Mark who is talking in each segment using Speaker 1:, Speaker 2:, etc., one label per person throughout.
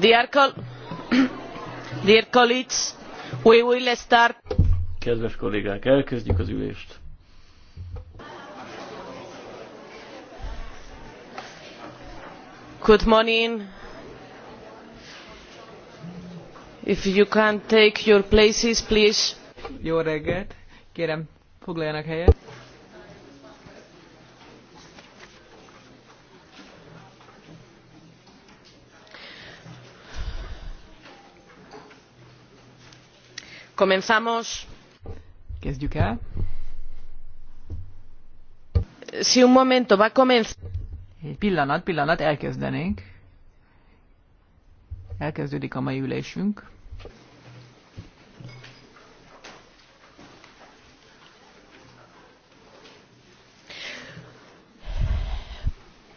Speaker 1: Dear, col Dear colleagues, we will start.
Speaker 2: Kedves kollégák, elkezdjük az ülést.
Speaker 1: Good morning. If you can take your places, please. Jó reggelt. Kérem, foglaljanak helyet. Kezdjük el. Si un momento va a Egy pillanat, pillanat, elkezdenénk. Elkezdődik a mai ülésünk.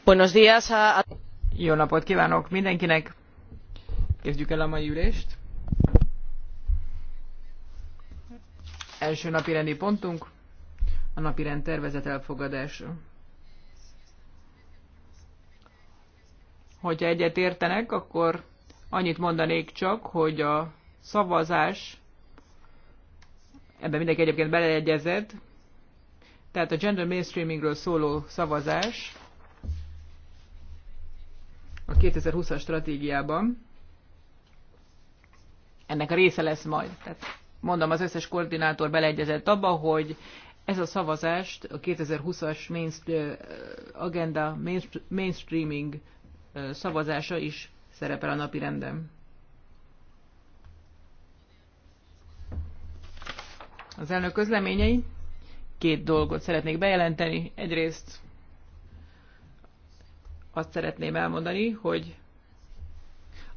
Speaker 1: Buenos días a... Jó napot kívánok mindenkinek! Kezdjük el a mai ülést. első napi rendi pontunk, a napi rend tervezet elfogadása. Hogyha egyet értenek, akkor annyit mondanék csak, hogy a szavazás, ebben mindenki egyébként beleegyezett, tehát a gender mainstreamingről szóló szavazás a 2020-as stratégiában ennek a része lesz majd. Tehát mondom, az összes koordinátor beleegyezett abba, hogy ez a szavazást a 2020-as mainstream, agenda mainstreaming szavazása is szerepel a napi renden. Az elnök közleményei. Két dolgot szeretnék bejelenteni. Egyrészt azt szeretném elmondani, hogy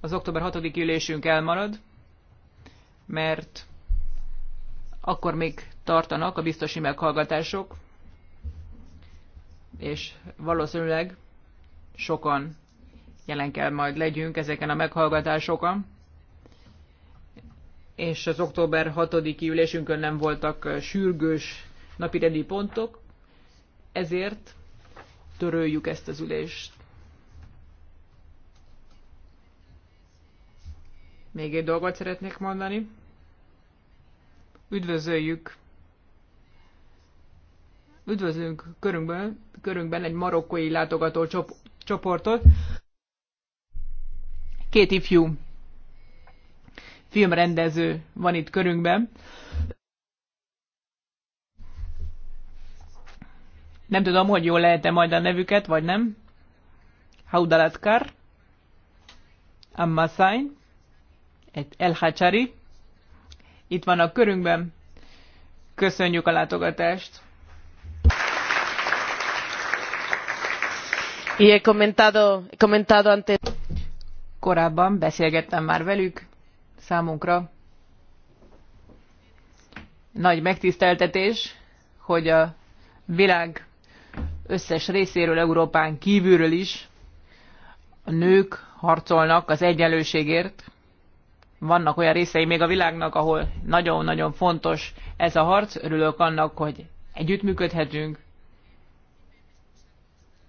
Speaker 1: az október 6. ülésünk elmarad, mert akkor még tartanak a biztosi meghallgatások, és valószínűleg sokan jelen kell majd legyünk ezeken a meghallgatásokon, és az október 6-i ülésünkön nem voltak sürgős napirendi pontok, ezért töröljük ezt az ülést. Még egy dolgot szeretnék mondani. Üdvözöljük üdvözlünk körünkben, körünkben egy marokkói látogató csoportot. Két ifjú filmrendező van itt körünkben. Nem tudom, hogy jól lehet-e majd a nevüket, vagy nem. Haudalatkar, Ammasain, El Hachari, itt vannak körünkben. Köszönjük a látogatást! Y he comentado, he comentado antes. Korábban beszélgettem már velük, számunkra nagy megtiszteltetés, hogy a világ összes részéről, Európán kívülről is a nők harcolnak az egyenlőségért, vannak olyan részei még a világnak, ahol nagyon-nagyon fontos ez a harc. Örülök annak, hogy együttműködhetünk.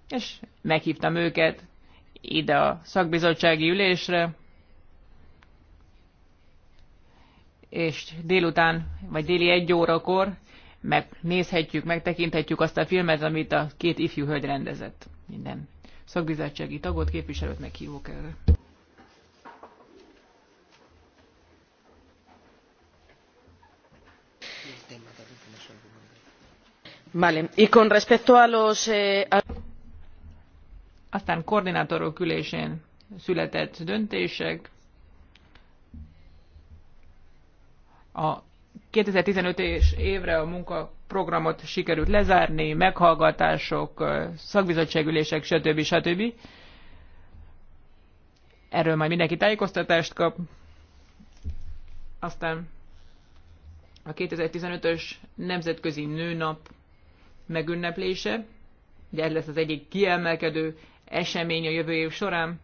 Speaker 1: És meghívtam őket ide a szakbizottsági ülésre, és délután, vagy déli egy órakor megnézhetjük, megtekinthetjük azt a filmet, amit a két ifjú hölgy rendezett. Minden szakbizottsági tagot, képviselőt meghívok erre. Eh, a Aztán koordinátorok ülésén született döntések. A 2015 es évre a munkaprogramot sikerült lezárni, meghallgatások, ülések stb. stb. Erről majd mindenki tájékoztatást kap. Aztán a 2015-ös Nemzetközi Nőnap megünneplése. Ugye ez lesz az egyik kiemelkedő esemény a jövő év során.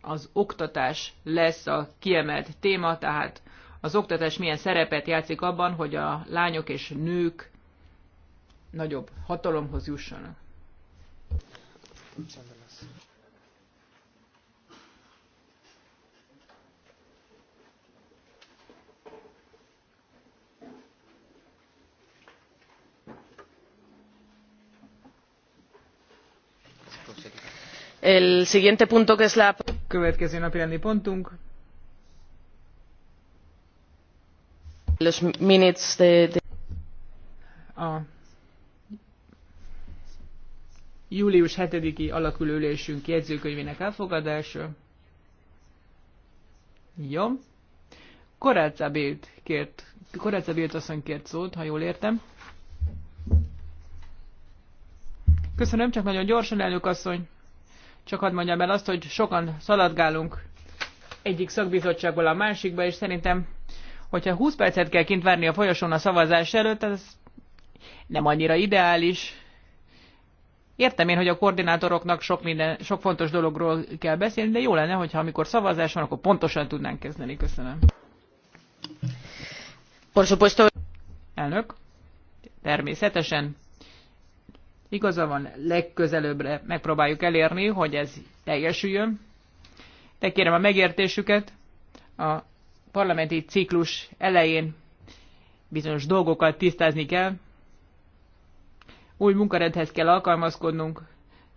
Speaker 1: Az oktatás lesz a kiemelt téma, tehát az oktatás milyen szerepet játszik abban, hogy a lányok és nők nagyobb hatalomhoz jussanak. Köszönöm. El siguiente punto que es la... Következő pontunk. A július 7-i jegyzőkönyvének elfogadása. Jó. Koráca Bild kért, Koráca kért szót, ha jól értem. Köszönöm, csak nagyon gyorsan, elnök asszony. Csak hadd mondjam el azt, hogy sokan szaladgálunk egyik szakbizottságból a másikba, és szerintem, hogyha 20 percet kell kint várni a folyosón a szavazás előtt, ez nem annyira ideális. Értem én, hogy a koordinátoroknak sok, minden, sok fontos dologról kell beszélni, de jó lenne, hogyha amikor szavazás van, akkor pontosan tudnánk kezdeni. Köszönöm. Por supuesto. Elnök. Természetesen Igaza van, legközelebbre megpróbáljuk elérni, hogy ez teljesüljön. De kérem a megértésüket, a parlamenti ciklus elején bizonyos dolgokat tisztázni kell, új munkarendhez kell alkalmazkodnunk,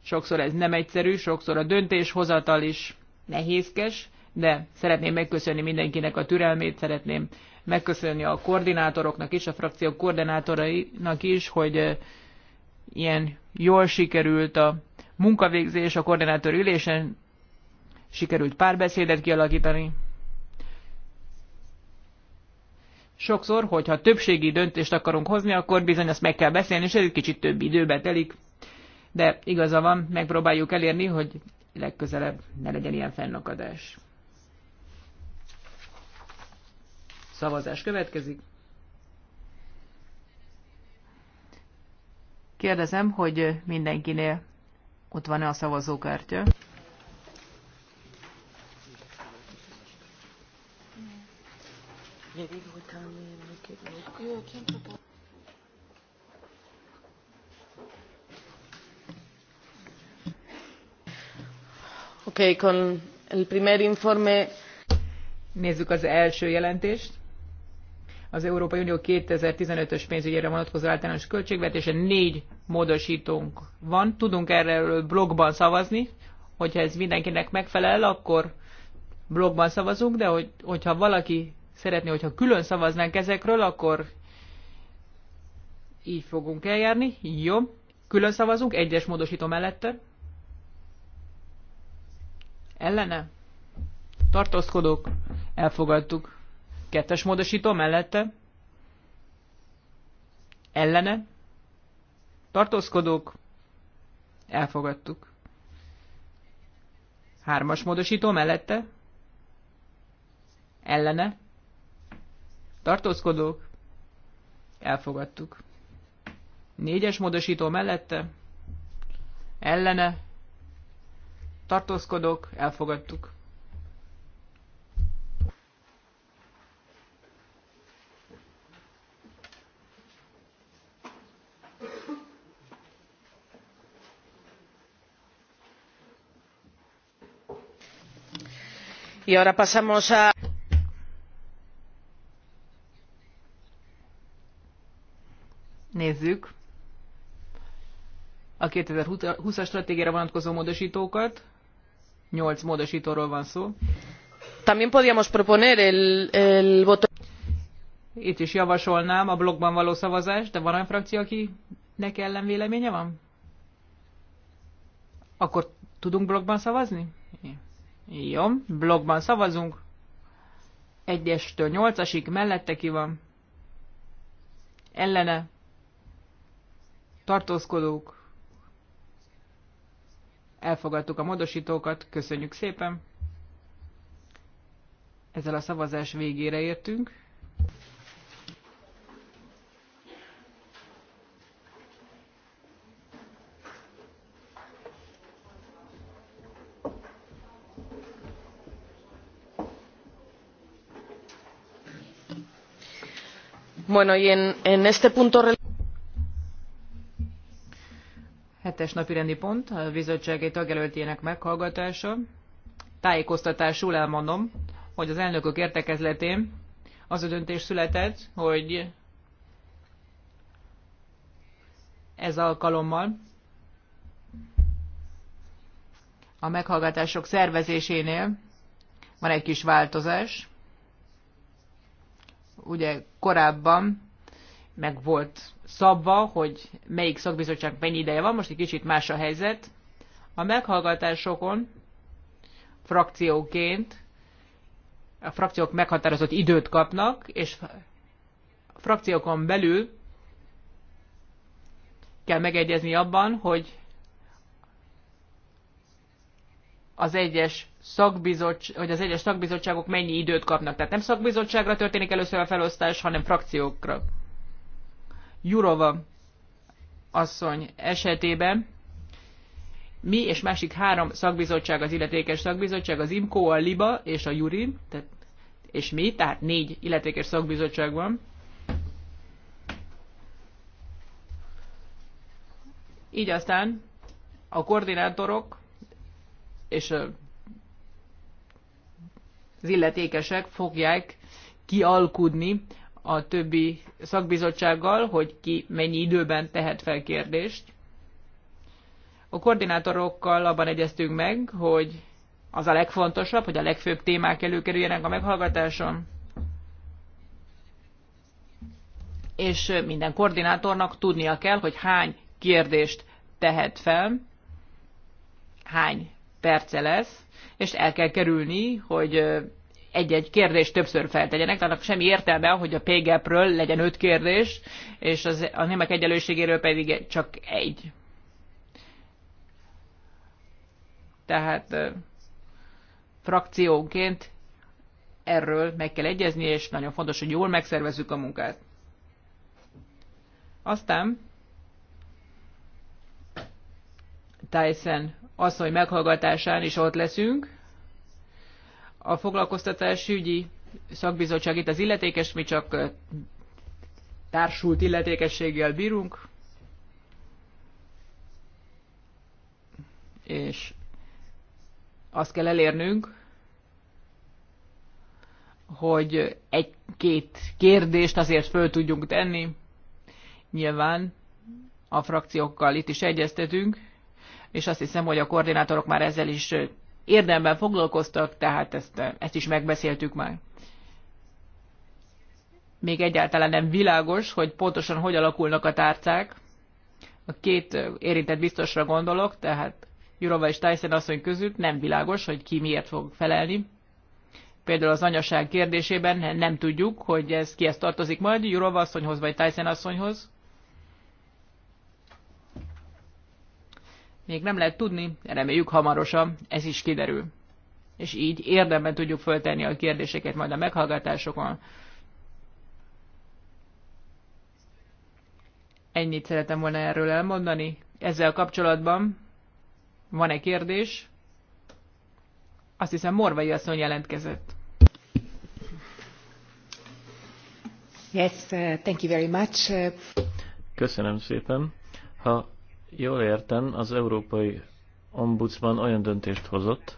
Speaker 1: sokszor ez nem egyszerű, sokszor a döntéshozatal is nehézkes, de szeretném megköszönni mindenkinek a türelmét, szeretném megköszönni a koordinátoroknak is, a frakció koordinátorainak is, hogy ilyen jól sikerült a munkavégzés a koordinátor ülésen, sikerült párbeszédet kialakítani. Sokszor, hogyha többségi döntést akarunk hozni, akkor bizony azt meg kell beszélni, és ez egy kicsit több időbe telik. De igaza van, megpróbáljuk elérni, hogy legközelebb ne legyen ilyen fennakadás. Szavazás következik. Kérdezem, hogy mindenkinél ott van-e a szavazókártya? Okay, con el primer informe. Nézzük az első jelentést az Európai Unió 2015-ös pénzügyére vonatkozó általános költségvetése. Négy módosítónk van. Tudunk erről blogban szavazni. Hogyha ez mindenkinek megfelel, akkor blogban szavazunk, de hogy, hogyha valaki szeretné, hogyha külön szavaznánk ezekről, akkor így fogunk eljárni. Jó. Külön szavazunk, egyes módosító mellette. Ellene? Tartózkodók? Elfogadtuk. Kettes módosító mellette. Ellene. Tartózkodók. Elfogadtuk. Hármas módosító mellette. Ellene. Tartózkodók. Elfogadtuk. Négyes módosító mellette. Ellene. Tartózkodók. Elfogadtuk. Nézzük a 2020-as stratégiára vonatkozó módosítókat. Nyolc módosítóról van szó. También podíamos proponer el, el voto... Itt is javasolnám a blogban való szavazást, de van olyan frakció, aki neki ellen véleménye van? Akkor tudunk blogban szavazni? Igen. Jó, blogban szavazunk. 1-estől 8-asig mellette ki van. Ellene. Tartózkodók. Elfogadtuk a módosítókat, köszönjük szépen. Ezzel a szavazás végére értünk. Hetes napirendi rendi pont, a bizottsági tagjelöltjének meghallgatása. Tájékoztatásul elmondom, hogy az elnökök értekezletén az a döntés született, hogy ez alkalommal a meghallgatások szervezésénél van egy kis változás ugye korábban meg volt szabva, hogy melyik szakbizottság mennyi ideje van, most egy kicsit más a helyzet. A meghallgatásokon frakcióként a frakciók meghatározott időt kapnak, és a frakciókon belül kell megegyezni abban, hogy az egyes hogy az egyes szakbizottságok mennyi időt kapnak. Tehát nem szakbizottságra történik először a felosztás, hanem frakciókra. Jurova asszony esetében mi és másik három szakbizottság az illetékes szakbizottság, az IMCO, a LIBA és a JURI, tehát, és mi, tehát négy illetékes szakbizottság van. Így aztán a koordinátorok és a az illetékesek fogják kialkudni a többi szakbizottsággal, hogy ki mennyi időben tehet fel kérdést. A koordinátorokkal abban egyeztünk meg, hogy az a legfontosabb, hogy a legfőbb témák előkerüljenek a meghallgatáson. És minden koordinátornak tudnia kell, hogy hány kérdést tehet fel, hány perce lesz, és el kell kerülni, hogy egy-egy kérdést többször feltegyenek, annak semmi értelme, hogy a pgp e ről legyen öt kérdés, és az, a nemek egyenlőségéről pedig csak egy. Tehát frakciónként erről meg kell egyezni, és nagyon fontos, hogy jól megszervezzük a munkát. Aztán Tyson asszony meghallgatásán is ott leszünk. A ügyi szakbizottság itt az illetékes, mi csak társult illetékességgel bírunk, és azt kell elérnünk, hogy egy-két kérdést azért föl tudjunk tenni. Nyilván a frakciókkal itt is egyeztetünk, és azt hiszem, hogy a koordinátorok már ezzel is érdemben foglalkoztak, tehát ezt, ezt is megbeszéltük már. Még egyáltalán nem világos, hogy pontosan hogy alakulnak a tárcák. A két érintett biztosra gondolok, tehát Jurova és Tyson asszony között nem világos, hogy ki miért fog felelni. Például az anyaság kérdésében nem tudjuk, hogy ez ki ezt tartozik majd, Jurova asszonyhoz vagy Tyson asszonyhoz. még nem lehet tudni, reméljük hamarosan ez is kiderül. És így érdemben tudjuk föltenni a kérdéseket majd a meghallgatásokon. Ennyit szeretem volna erről elmondani. Ezzel kapcsolatban van egy kérdés? Azt hiszem Morvai asszony jelentkezett. Yes, uh,
Speaker 3: thank you very much. Uh,
Speaker 2: Köszönöm szépen. Ha jól értem, az Európai Ombudsman olyan döntést hozott,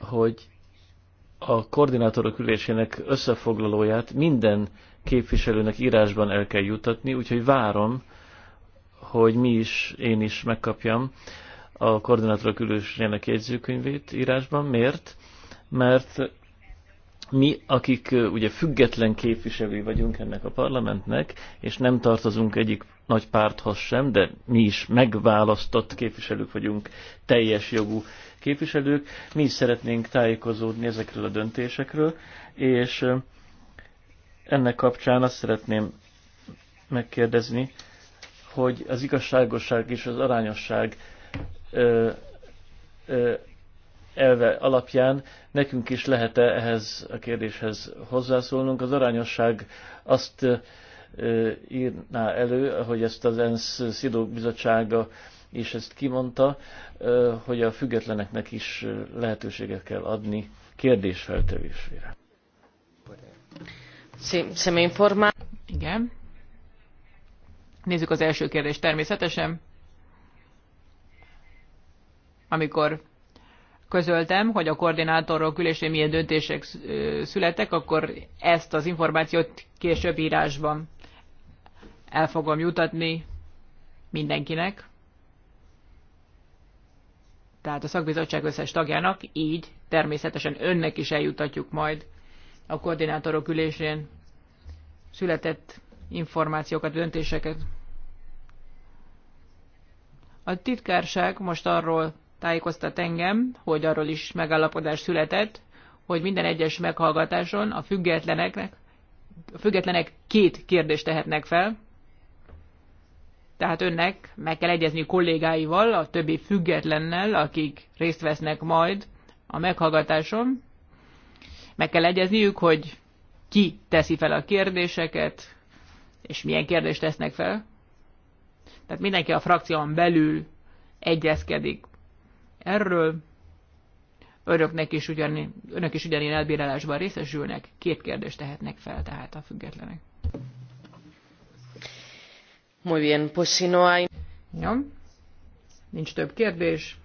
Speaker 2: hogy a koordinátorok ülésének összefoglalóját minden képviselőnek írásban el kell jutatni, úgyhogy várom, hogy mi is, én is megkapjam a koordinátorok ülésének jegyzőkönyvét írásban. Miért? Mert mi, akik ugye független képviselői vagyunk ennek a parlamentnek, és nem tartozunk egyik nagy párthoz sem, de mi is megválasztott képviselők vagyunk, teljes jogú képviselők, mi is szeretnénk tájékozódni ezekről a döntésekről, és ennek kapcsán azt szeretném megkérdezni, hogy az igazságosság és az arányosság ö, ö, elve alapján nekünk is lehet-e ehhez a kérdéshez hozzászólnunk. Az arányosság azt írná elő, hogy ezt az ENSZ Szidó Bizottsága és ezt kimondta, hogy a függetleneknek is lehetőséget kell adni kérdésfeltevésére.
Speaker 1: Igen. Nézzük az első kérdést természetesen. Amikor közöltem, hogy a koordinátorok ülésén milyen döntések születtek, akkor ezt az információt később írásban el fogom jutatni mindenkinek, tehát a szakbizottság összes tagjának, így természetesen önnek is eljutatjuk majd a koordinátorok ülésén született információkat, döntéseket. A titkárság most arról tájékoztat engem, hogy arról is megállapodás született, hogy minden egyes meghallgatáson a függetleneknek, a függetlenek két kérdést tehetnek fel, tehát önnek meg kell egyezni kollégáival, a többi függetlennel, akik részt vesznek majd a meghallgatáson. Meg kell egyezniük, hogy ki teszi fel a kérdéseket, és milyen kérdést tesznek fel. Tehát mindenki a frakción belül egyezkedik erről. Önöknek is ugyan, önök is ugyanilyen elbírálásban részesülnek, két kérdést tehetnek fel tehát a függetlenek. Muy bien, pues si no hay... Ja. Nincs több kérdés.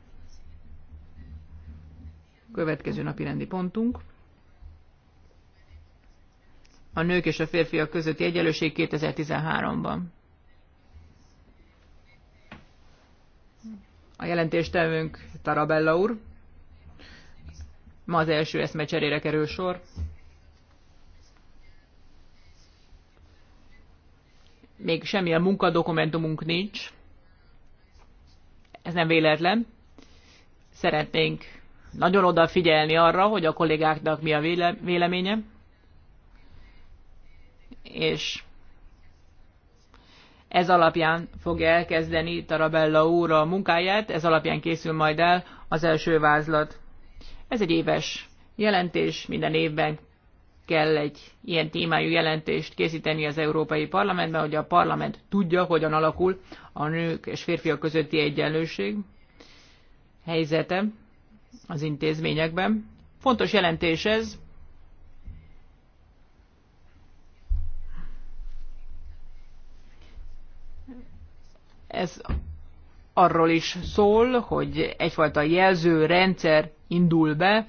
Speaker 1: Következő napi rendi pontunk. A nők és a férfiak közötti egyenlőség 2013-ban. a jelentéstevőnk Tarabella úr. Ma az első eszmecserére kerül sor. Még semmilyen munkadokumentumunk nincs. Ez nem véletlen. Szeretnénk nagyon odafigyelni arra, hogy a kollégáknak mi a véleménye. És ez alapján fogja elkezdeni Tarabella úr a munkáját, ez alapján készül majd el az első vázlat. Ez egy éves jelentés, minden évben kell egy ilyen témájú jelentést készíteni az Európai Parlamentben, hogy a parlament tudja, hogyan alakul a nők és férfiak közötti egyenlőség helyzete az intézményekben. Fontos jelentés ez, Ez arról is szól, hogy egyfajta jelző rendszer indul be,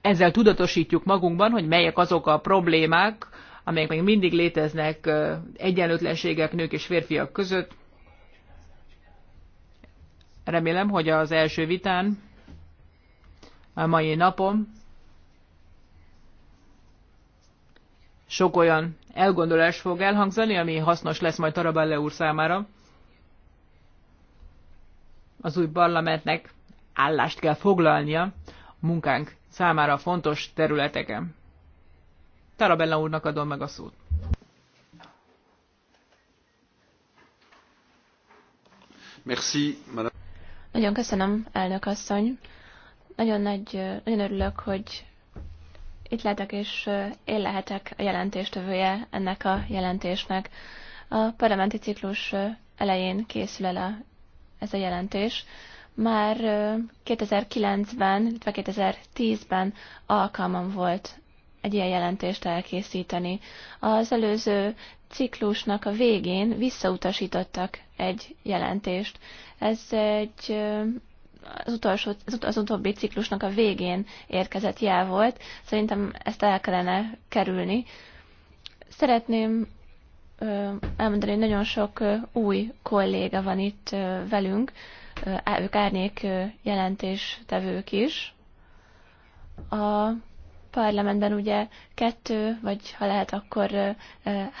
Speaker 1: ezzel tudatosítjuk magunkban, hogy melyek azok a problémák, amelyek még mindig léteznek egyenlőtlenségek nők és férfiak között. Remélem, hogy az első vitán, a mai napom, sok olyan elgondolás fog elhangzani, ami hasznos lesz majd Tarabelle úr számára az új parlamentnek állást kell foglalnia a munkánk számára fontos területeken. Tarabella úrnak adom meg a szót.
Speaker 3: Merci, madame.
Speaker 4: Nagyon köszönöm, elnök asszony. Nagyon, nagy, nagyon örülök, hogy itt lehetek, és én lehetek a jelentéstövője ennek a jelentésnek. A parlamenti ciklus elején készül el a ez a jelentés. Már 2009-ben, illetve 2010-ben alkalmam volt egy ilyen jelentést elkészíteni. Az előző ciklusnak a végén visszautasítottak egy jelentést. Ez egy az, utolsó, az utóbbi ciklusnak a végén érkezett jel volt. Szerintem ezt el kellene kerülni. Szeretném elmondani, hogy nagyon sok új kolléga van itt velünk, ők árnyék jelentéstevők is. A parlamentben ugye kettő, vagy ha lehet, akkor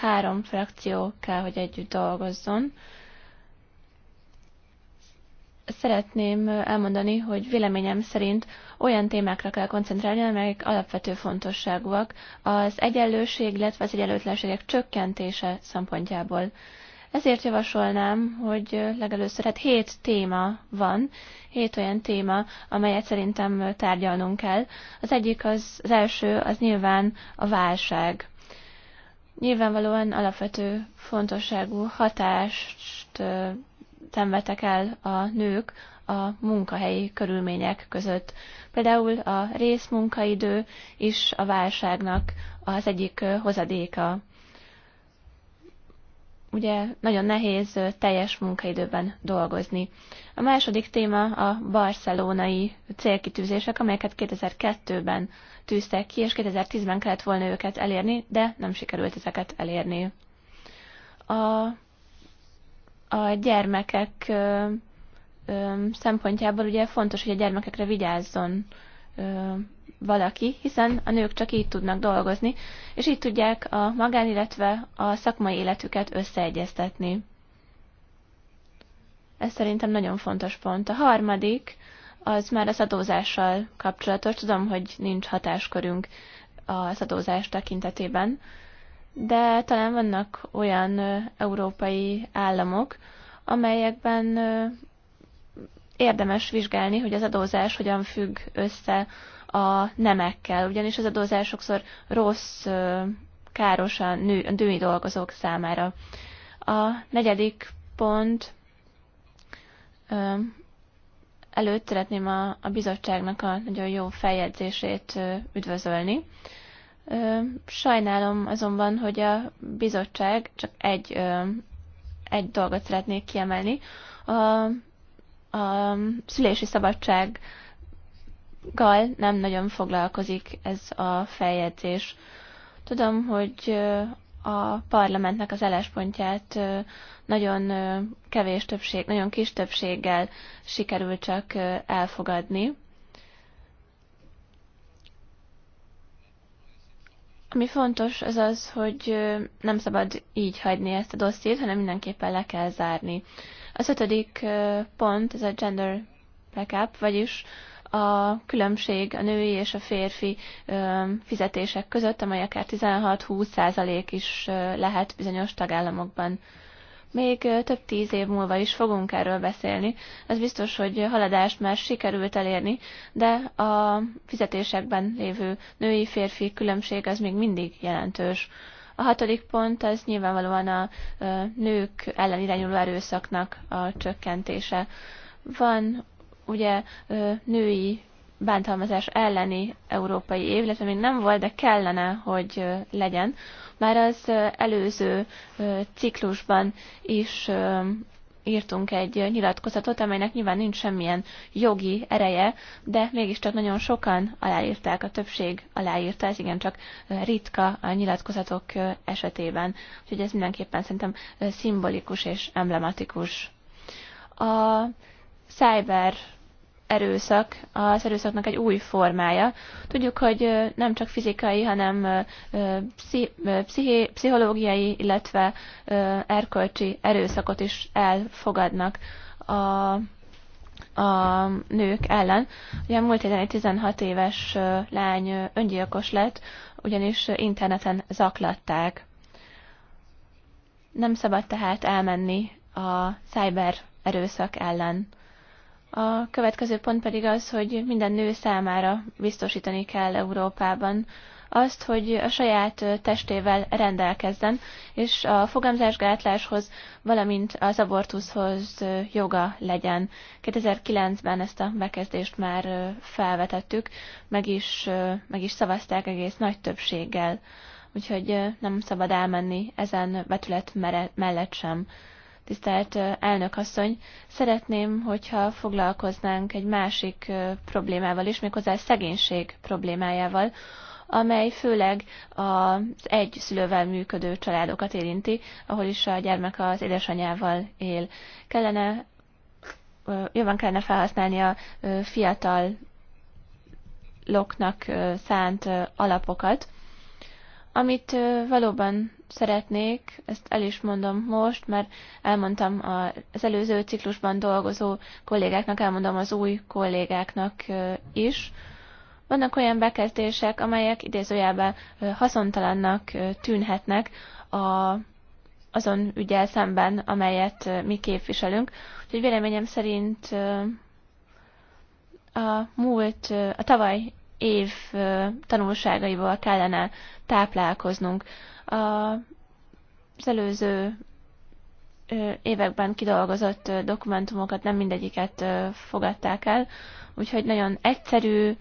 Speaker 4: három frakció kell, hogy együtt dolgozzon szeretném elmondani, hogy véleményem szerint olyan témákra kell koncentrálni, amelyek alapvető fontosságúak az egyenlőség, illetve az egyenlőtlenségek csökkentése szempontjából. Ezért javasolnám, hogy legelőször hát hét téma van, hét olyan téma, amelyet szerintem tárgyalnunk kell. Az egyik, az, az első, az nyilván a válság. Nyilvánvalóan alapvető fontosságú hatást szenvedtek el a nők a munkahelyi körülmények között. Például a részmunkaidő is a válságnak az egyik hozadéka. Ugye nagyon nehéz teljes munkaidőben dolgozni. A második téma a barcelonai célkitűzések, amelyeket 2002-ben tűztek ki, és 2010-ben kellett volna őket elérni, de nem sikerült ezeket elérni. A a gyermekek ö, ö, szempontjából ugye fontos, hogy a gyermekekre vigyázzon ö, valaki, hiszen a nők csak így tudnak dolgozni, és így tudják a magán, illetve a szakmai életüket összeegyeztetni. Ez szerintem nagyon fontos pont. A harmadik, az már a szadózással kapcsolatos. Tudom, hogy nincs hatáskörünk a szadózás tekintetében, de talán vannak olyan európai államok, amelyekben érdemes vizsgálni, hogy az adózás hogyan függ össze a nemekkel, ugyanis az adózás sokszor rossz, káros a, női dolgozók számára. A negyedik pont előtt szeretném a, a bizottságnak a nagyon jó feljegyzését üdvözölni. Sajnálom azonban, hogy a bizottság csak egy, egy dolgot szeretnék kiemelni. A, a szülési szabadsággal nem nagyon foglalkozik ez a feljegyzés. Tudom, hogy a parlamentnek az álláspontját nagyon kevés többség, nagyon kis többséggel sikerült csak elfogadni. Ami fontos, az az, hogy nem szabad így hagyni ezt a dossziét, hanem mindenképpen le kell zárni. Az ötödik pont, ez a gender backup, vagyis a különbség a női és a férfi fizetések között, amely akár 16-20% is lehet bizonyos tagállamokban még több tíz év múlva is fogunk erről beszélni. Az biztos, hogy haladást már sikerült elérni, de a fizetésekben lévő női-férfi különbség az még mindig jelentős. A hatodik pont az nyilvánvalóan a nők ellen irányuló erőszaknak a csökkentése. Van ugye női bántalmazás elleni európai év, illetve még nem volt, de kellene, hogy legyen. Már az előző ciklusban is írtunk egy nyilatkozatot, amelynek nyilván nincs semmilyen jogi ereje, de mégiscsak nagyon sokan aláírták, a többség aláírta, ez igencsak ritka a nyilatkozatok esetében. Úgyhogy ez mindenképpen szerintem szimbolikus és emblematikus. A cyber erőszak az erőszaknak egy új formája. Tudjuk, hogy nem csak fizikai, hanem pszichológiai, illetve erkölcsi erőszakot is elfogadnak a a nők ellen. Ugye múlt héten egy 16 éves lány öngyilkos lett, ugyanis interneten zaklatták. Nem szabad tehát elmenni a cyber erőszak ellen. A következő pont pedig az, hogy minden nő számára biztosítani kell Európában azt, hogy a saját testével rendelkezzen, és a fogamzásgátláshoz, valamint az abortuszhoz joga legyen. 2009-ben ezt a bekezdést már felvetettük, meg is, meg is szavazták egész nagy többséggel, úgyhogy nem szabad elmenni ezen betület mellett sem tisztelt elnökasszony, szeretném, hogyha foglalkoznánk egy másik problémával is, méghozzá szegénység problémájával, amely főleg az egy szülővel működő családokat érinti, ahol is a gyermek az édesanyával él. Kellene, jobban kellene felhasználni a fiatal loknak szánt alapokat, amit valóban szeretnék, ezt el is mondom most, mert elmondtam az előző ciklusban dolgozó kollégáknak, elmondom az új kollégáknak is. Vannak olyan bekezdések, amelyek idézőjelben haszontalannak tűnhetnek a, azon ügyel szemben, amelyet mi képviselünk. Úgyhogy véleményem szerint a múlt, a tavaly év tanulságaival kellene táplálkoznunk. Az előző években kidolgozott dokumentumokat nem mindegyiket fogadták el, úgyhogy nagyon egyszerű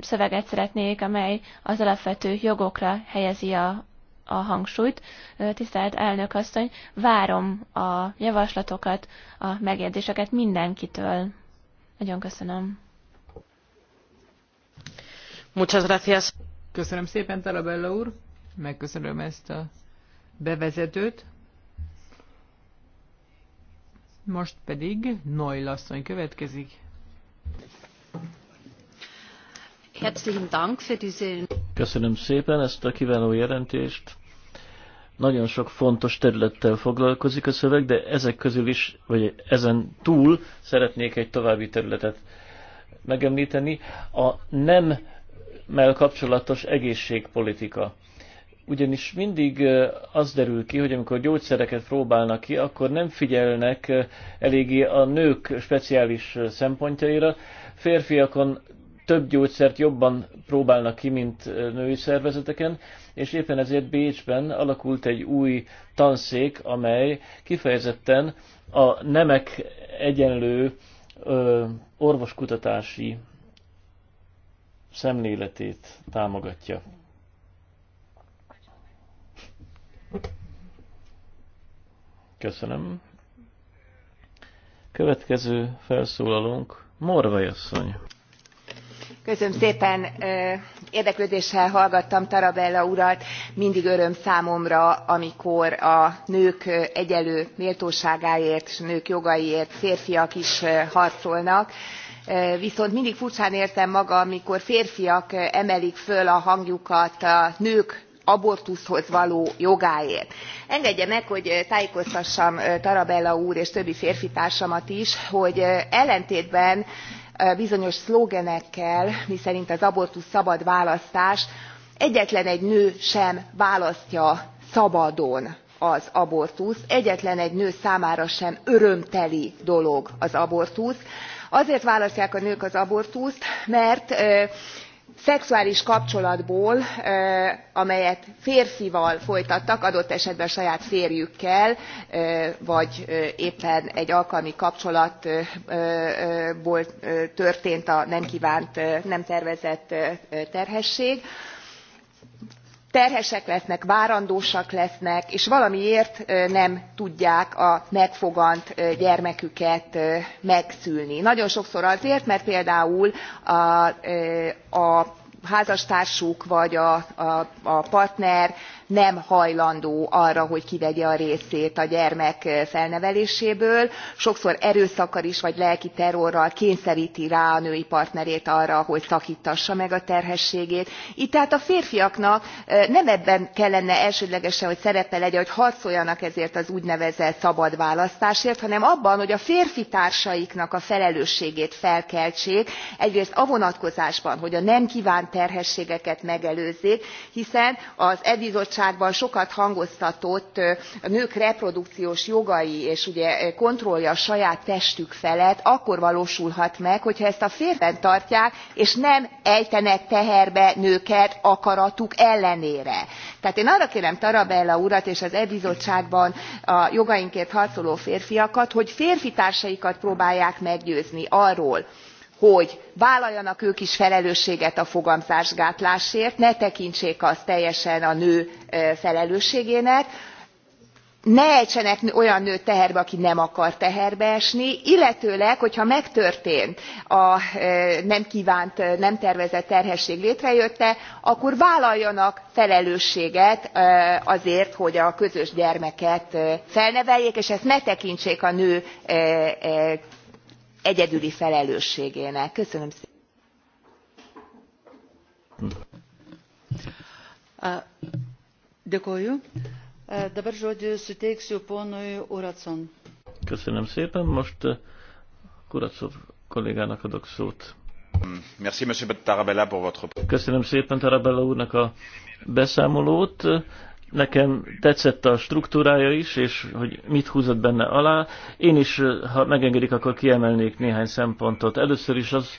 Speaker 4: szöveget szeretnék, amely az alapvető jogokra helyezi a, a hangsúlyt. Tisztelt elnök asszony, várom a javaslatokat, a megjegyzéseket mindenkitől. Nagyon köszönöm.
Speaker 1: Muchas gracias. Köszönöm szépen, Tarabella úr. Megköszönöm ezt a bevezetőt. Most pedig Noil asszony következik.
Speaker 2: Köszönöm szépen ezt a kiváló jelentést. Nagyon sok fontos területtel foglalkozik a szöveg, de ezek közül is, vagy ezen túl szeretnék egy további területet megemlíteni. A nem mel kapcsolatos egészségpolitika. Ugyanis mindig az derül ki, hogy amikor gyógyszereket próbálnak ki, akkor nem figyelnek eléggé a nők speciális szempontjaira. Férfiakon több gyógyszert jobban próbálnak ki, mint női szervezeteken, és éppen ezért Bécsben alakult egy új tanszék, amely kifejezetten a nemek egyenlő ö, orvoskutatási szemléletét támogatja. Köszönöm. Következő felszólalónk Morvai asszony.
Speaker 3: Köszönöm szépen, érdeklődéssel hallgattam Tarabella urat. Mindig öröm számomra, amikor a nők egyelő méltóságáért és nők jogaiért férfiak is harcolnak Eh, viszont mindig furcsán érzem magam amikor férfiak eh, emelik föl a hangjukat a nők abortuszhoz való jogáért. engedje meg hogy eh, tájékoztassam tarabella úr és többi férfitársamat is hogy ellentétben bizonyos szlogenekkel miszerint az abortusz szabad választás egyetlenegy nő sem választja szabadon az abortuszt egyetlenegy nő számára sem örömteli dolog az abortusz azért választják a nők az abortuszt mert szexuális kapcsolatból amelyet férfival folytattak adott esetben saját férjükkel vagy éppen egy alkalmi kapcsolatból történt a nem kvánt nem tervezett terhesség terhesek lesznek várandósak lesznek és valamiért nem tudják a megfogant gyermeküket megszülni. nagyon sokszor azért mert például a házastársuk vagy a partner nem hajlandó arra hogy kivegye a részét a gyermek felneveléséből sokszor erőszakkal is vagy lelki terrorral kényszerti rá a női partnerét arra hogy szakítassa meg a terhességét. itt tehát a férfiaknak nem ebben kellene elsődlegesen hogy szerepe legyen hogy harcoljanak ezért az úgynevezett szabad választásért hanem abban hogy a férfi társaiknak a felelősségét felkeltsék egyrészt a vonatkozásban hogy a nem kívánt terhességeket megelőzzék hiszen az e bizottságban sokat hangoztatott a nők reprodukciós jogai és ugye kontrollja a saját testük felett akkor valósulhat meg hogyha ezt a férfiak tartják és nem ejtenek teherbe nőket akaratuk ellenére. tehát én arra kérem tarabella urat és az e bizottságban a jogainkért harcoló férfiakat hogy férfitársaikat próbálják meggyőzni arról hogy vállaljanak ők is felelősséget a fogamzásgátlásért ne tekintsék azt teljesen a nő felelősségének ne ejtsenek olyan nőt teherbe aki nem akar teherbe esni illetőleg hogyha megtörtént a nem kvánt nem tervezett terhesség létrejötte akkor vállaljanak felelősséget azért hogy a közös gyermeket felneveljék és ezt ne tekintsék a nő egyedüli felelősségének. köszönöm szépen!
Speaker 2: Köszönöm szépen. Most uh, Kuracov kollégának adok szót.
Speaker 1: Merci, Monsieur Tarabella, pour votre...
Speaker 2: Köszönöm szépen Tarabella úrnak a beszámolót. Nekem tetszett a struktúrája is, és hogy mit húzott benne alá. Én is, ha megengedik, akkor kiemelnék néhány szempontot. Először is az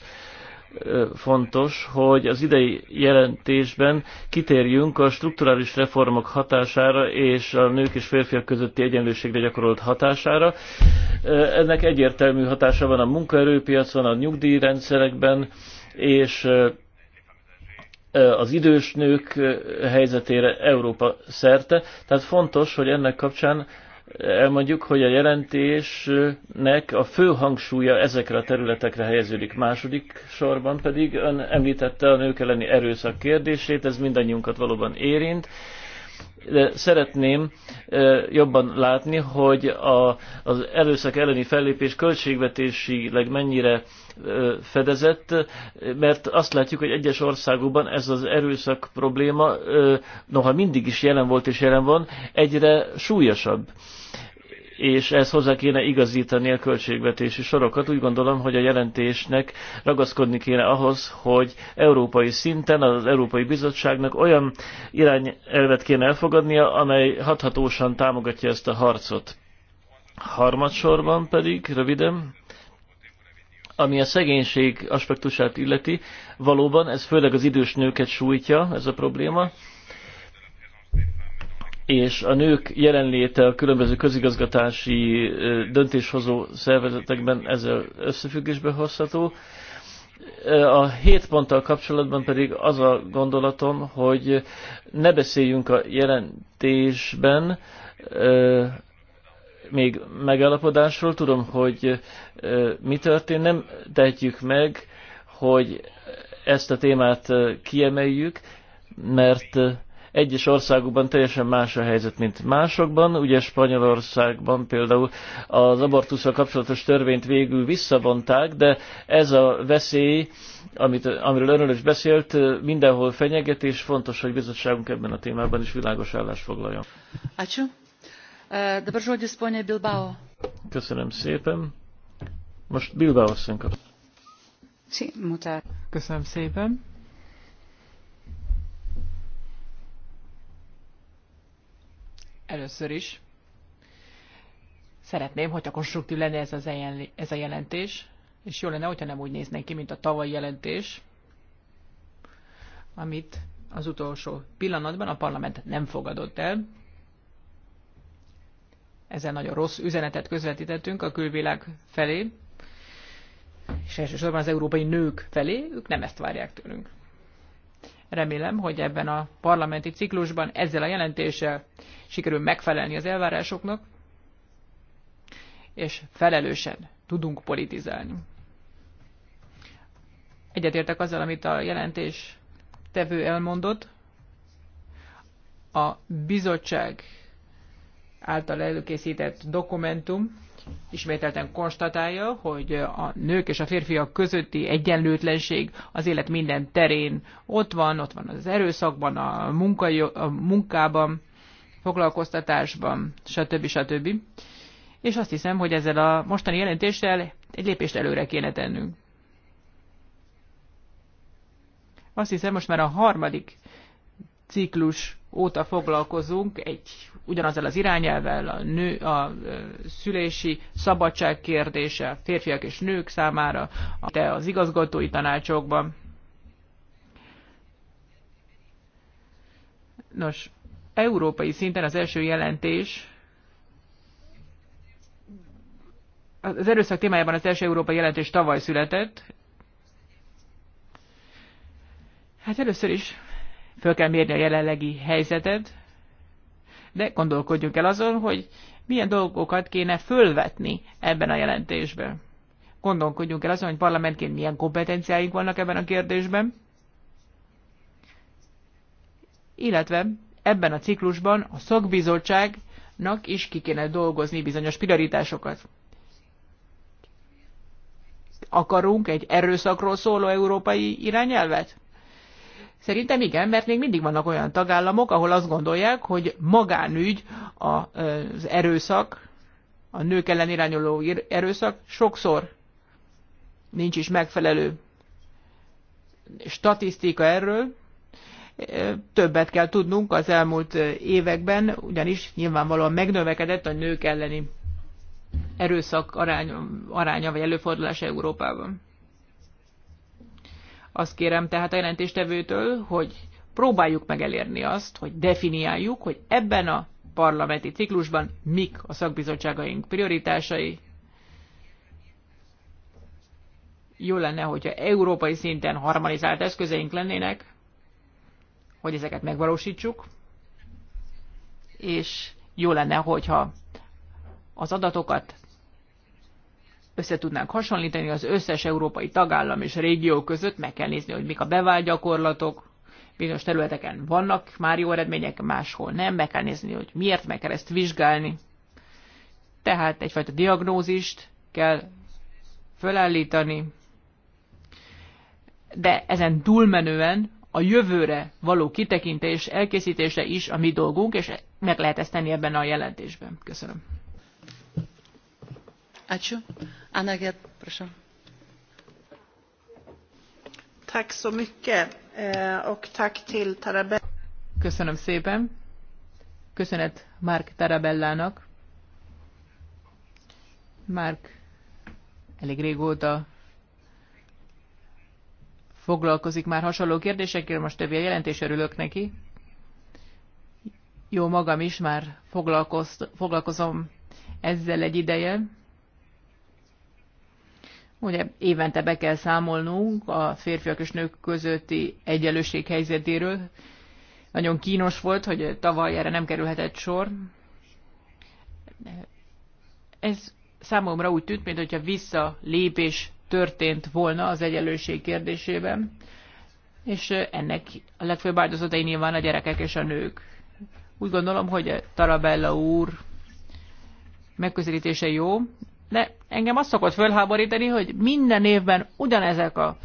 Speaker 2: fontos, hogy az idei jelentésben kitérjünk a strukturális reformok hatására és a nők és férfiak közötti egyenlőségre gyakorolt hatására. Ennek egyértelmű hatása van a munkaerőpiacon, a nyugdíjrendszerekben, és az idős nők helyzetére Európa szerte. Tehát fontos, hogy ennek kapcsán elmondjuk, hogy a jelentésnek a fő hangsúlya ezekre a területekre helyeződik. Második sorban pedig ön említette a nők elleni erőszak kérdését, ez mindannyiunkat valóban érint de szeretném jobban látni, hogy a, az erőszak elleni fellépés költségvetésileg mennyire fedezett, mert azt látjuk, hogy egyes országokban ez az erőszak probléma, noha mindig is jelen volt és jelen van, egyre súlyosabb és ez hozzá kéne igazítani a költségvetési sorokat. Úgy gondolom, hogy a jelentésnek ragaszkodni kéne ahhoz, hogy európai szinten az Európai Bizottságnak olyan irányelvet kéne elfogadnia, amely hathatósan támogatja ezt a harcot. Harmadsorban pedig, röviden, ami a szegénység aspektusát illeti, valóban ez főleg az idős nőket sújtja, ez a probléma, és a nők jelenléte a különböző közigazgatási döntéshozó szervezetekben ezzel összefüggésbe hozható. A hét ponttal kapcsolatban pedig az a gondolatom, hogy ne beszéljünk a jelentésben még megállapodásról. Tudom, hogy mi történt, nem tehetjük meg, hogy ezt a témát kiemeljük, mert egyes országokban teljesen más a helyzet, mint másokban. Ugye Spanyolországban például az abortuszra kapcsolatos törvényt végül visszavonták, de ez a veszély, amit, amiről önről is beszélt, mindenhol fenyeget, és fontos, hogy bizottságunk ebben a témában is világos állást foglaljon.
Speaker 4: Ácsú? E, dabar žodis Bilbao.
Speaker 2: Köszönöm szépen. Most Bilbao asszony kap.
Speaker 1: Köszönöm szépen. Először is szeretném, hogyha konstruktív lenne ez, az ez a jelentés, és jó lenne, hogyha nem úgy néznénk ki, mint a tavalyi jelentés, amit az utolsó pillanatban a parlament nem fogadott el. Ezzel nagyon rossz üzenetet közvetítettünk a külvilág felé, és elsősorban az európai nők felé, ők nem ezt várják tőlünk. Remélem, hogy ebben a parlamenti ciklusban ezzel a jelentéssel sikerül megfelelni az elvárásoknak, és felelősen tudunk politizálni. Egyetértek azzal, amit a jelentés tevő elmondott. A bizottság által előkészített dokumentum ismételten konstatálja, hogy a nők és a férfiak közötti egyenlőtlenség az élet minden terén ott van, ott van az erőszakban, a, munka, a munkában, foglalkoztatásban, stb. stb. És azt hiszem, hogy ezzel a mostani jelentéssel egy lépést előre kéne tennünk. Azt hiszem, most már a harmadik ciklus óta foglalkozunk egy ugyanazzal az irányelvel, a, nő, a szülési szabadság kérdése férfiak és nők számára, de az igazgatói tanácsokban. Nos, európai szinten az első jelentés, az erőszak témájában az első európai jelentés tavaly született. Hát először is föl kell mérni a jelenlegi helyzeted, de gondolkodjunk el azon, hogy milyen dolgokat kéne fölvetni ebben a jelentésben. Gondolkodjunk el azon, hogy parlamentként milyen kompetenciáink vannak ebben a kérdésben, illetve ebben a ciklusban a szakbizottságnak is ki kéne dolgozni bizonyos prioritásokat. Akarunk egy erőszakról szóló európai irányelvet? Szerintem igen, mert még mindig vannak olyan tagállamok, ahol azt gondolják, hogy magánügy az erőszak, a nők ellen irányuló erőszak sokszor nincs is megfelelő statisztika erről. Többet kell tudnunk az elmúlt években, ugyanis nyilvánvalóan megnövekedett a nők elleni erőszak aránya, aránya vagy előfordulás Európában. Azt kérem tehát a jelentéstevőtől, hogy próbáljuk meg elérni azt, hogy definiáljuk, hogy ebben a parlamenti ciklusban mik a szakbizottságaink prioritásai. Jó lenne, hogyha európai szinten harmonizált eszközeink lennének, hogy ezeket megvalósítsuk, és jó lenne, hogyha az adatokat tudnánk hasonlítani az összes európai tagállam és régió között, meg kell nézni, hogy mik a bevált gyakorlatok, bizonyos területeken vannak már jó eredmények, máshol nem, meg kell nézni, hogy miért, meg kell ezt vizsgálni. Tehát egyfajta diagnózist kell fölállítani, de ezen túlmenően a jövőre való kitekintés elkészítése is a mi dolgunk, és meg lehet ezt tenni ebben a jelentésben. Köszönöm. Ačiū. Anna Gerd, prašau. Tack så mycket eh, och tack till Tarabella. Köszönöm szépen. Köszönet Mark Tarabellának. Mark elég régóta foglalkozik már hasonló kérdésekkel, most többi a jelentés, örülök neki. Jó magam is, már foglalkozom ezzel egy ideje. Ugye évente be kell számolnunk a férfiak és nők közötti egyenlőség helyzetéről. Nagyon kínos volt, hogy tavaly erre nem kerülhetett sor. Ez számomra úgy tűnt, mintha visszalépés történt volna az egyenlőség kérdésében, és ennek a legfőbb áldozatai nyilván a gyerekek és a nők. Úgy gondolom, hogy Tarabella úr megközelítése jó, de engem azt szokott fölháborítani, hogy minden évben ugyanezek a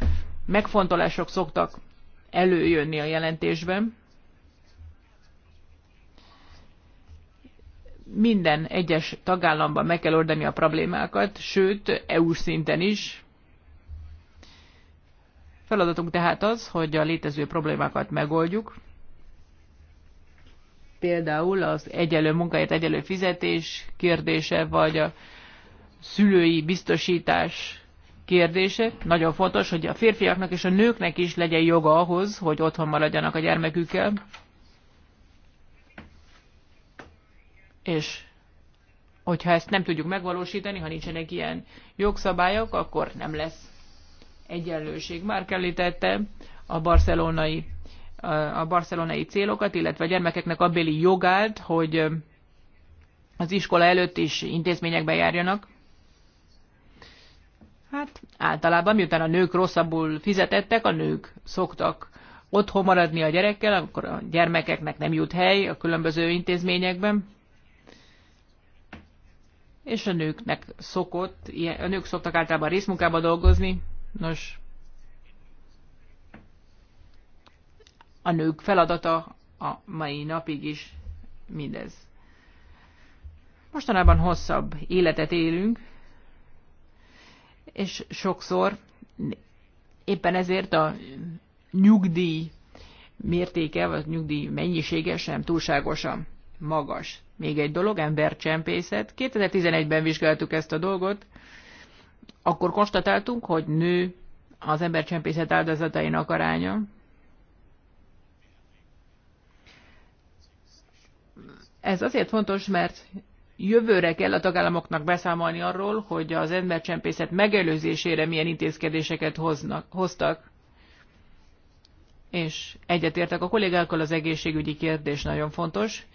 Speaker 1: megfontolások szoktak előjönni a jelentésben. Minden egyes tagállamban meg kell oldani a problémákat, sőt, EU szinten is. Feladatunk tehát az, hogy a létező problémákat megoldjuk. Például az egyelő munkáért egyelő fizetés kérdése, vagy a szülői biztosítás kérdése. Nagyon fontos, hogy a férfiaknak és a nőknek is legyen joga ahhoz, hogy otthon maradjanak a gyermekükkel. És hogyha ezt nem tudjuk megvalósítani, ha nincsenek ilyen jogszabályok, akkor nem lesz egyenlőség. Már említette a barcelonai, a barcelonai célokat, illetve a gyermekeknek abbéli jogát, hogy az iskola előtt is intézményekbe járjanak. Hát általában, miután a nők rosszabbul fizetettek, a nők szoktak otthon maradni a gyerekkel, akkor a gyermekeknek nem jut hely a különböző intézményekben. És a nőknek szokott, a nők szoktak általában részmunkába dolgozni. Nos, a nők feladata a mai napig is mindez. Mostanában hosszabb életet élünk, és sokszor éppen ezért a nyugdíj mértéke, vagy nyugdíj mennyisége sem túlságosan magas. Még egy dolog, embercsempészet. 2011-ben vizsgáltuk ezt a dolgot, akkor konstatáltunk, hogy nő az embercsempészet áldozatainak aránya. Ez azért fontos, mert jövőre kell a tagállamoknak beszámolni arról, hogy az embercsempészet megelőzésére milyen intézkedéseket hoznak, hoztak. És egyetértek a kollégákkal, az egészségügyi kérdés nagyon fontos.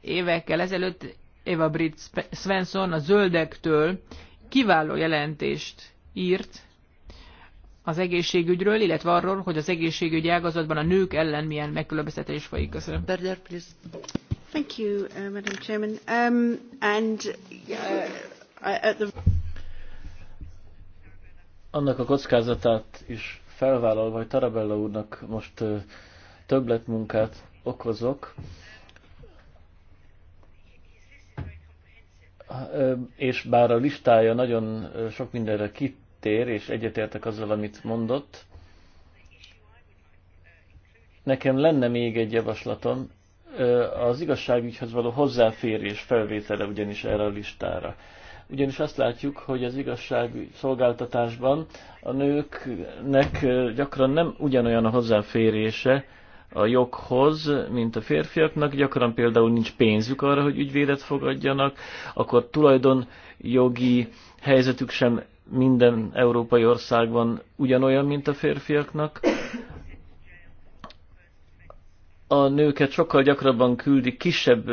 Speaker 1: Évekkel ezelőtt Eva Britt Svensson a zöldektől kiváló jelentést írt az egészségügyről, illetve arról, hogy az egészségügyi ágazatban a nők ellen milyen megkülönböztetés folyik. Köszönöm. Berger,
Speaker 4: please. Thank you, uh, Madam Chairman. Um, and uh, at the...
Speaker 2: Annak a kockázatát is felvállalva, hogy Tarabella úrnak most uh, többletmunkát okozok, uh, és bár a listája nagyon uh, sok mindenre kitér, és egyetértek azzal, amit mondott, nekem lenne még egy javaslatom, az igazságügyhez való hozzáférés felvétele ugyanis erre a listára. Ugyanis azt látjuk, hogy az igazság szolgáltatásban a nőknek gyakran nem ugyanolyan a hozzáférése a joghoz, mint a férfiaknak. Gyakran például nincs pénzük arra, hogy ügyvédet fogadjanak, akkor tulajdon jogi helyzetük sem minden európai országban ugyanolyan, mint a férfiaknak a nőket sokkal gyakrabban küldi kisebb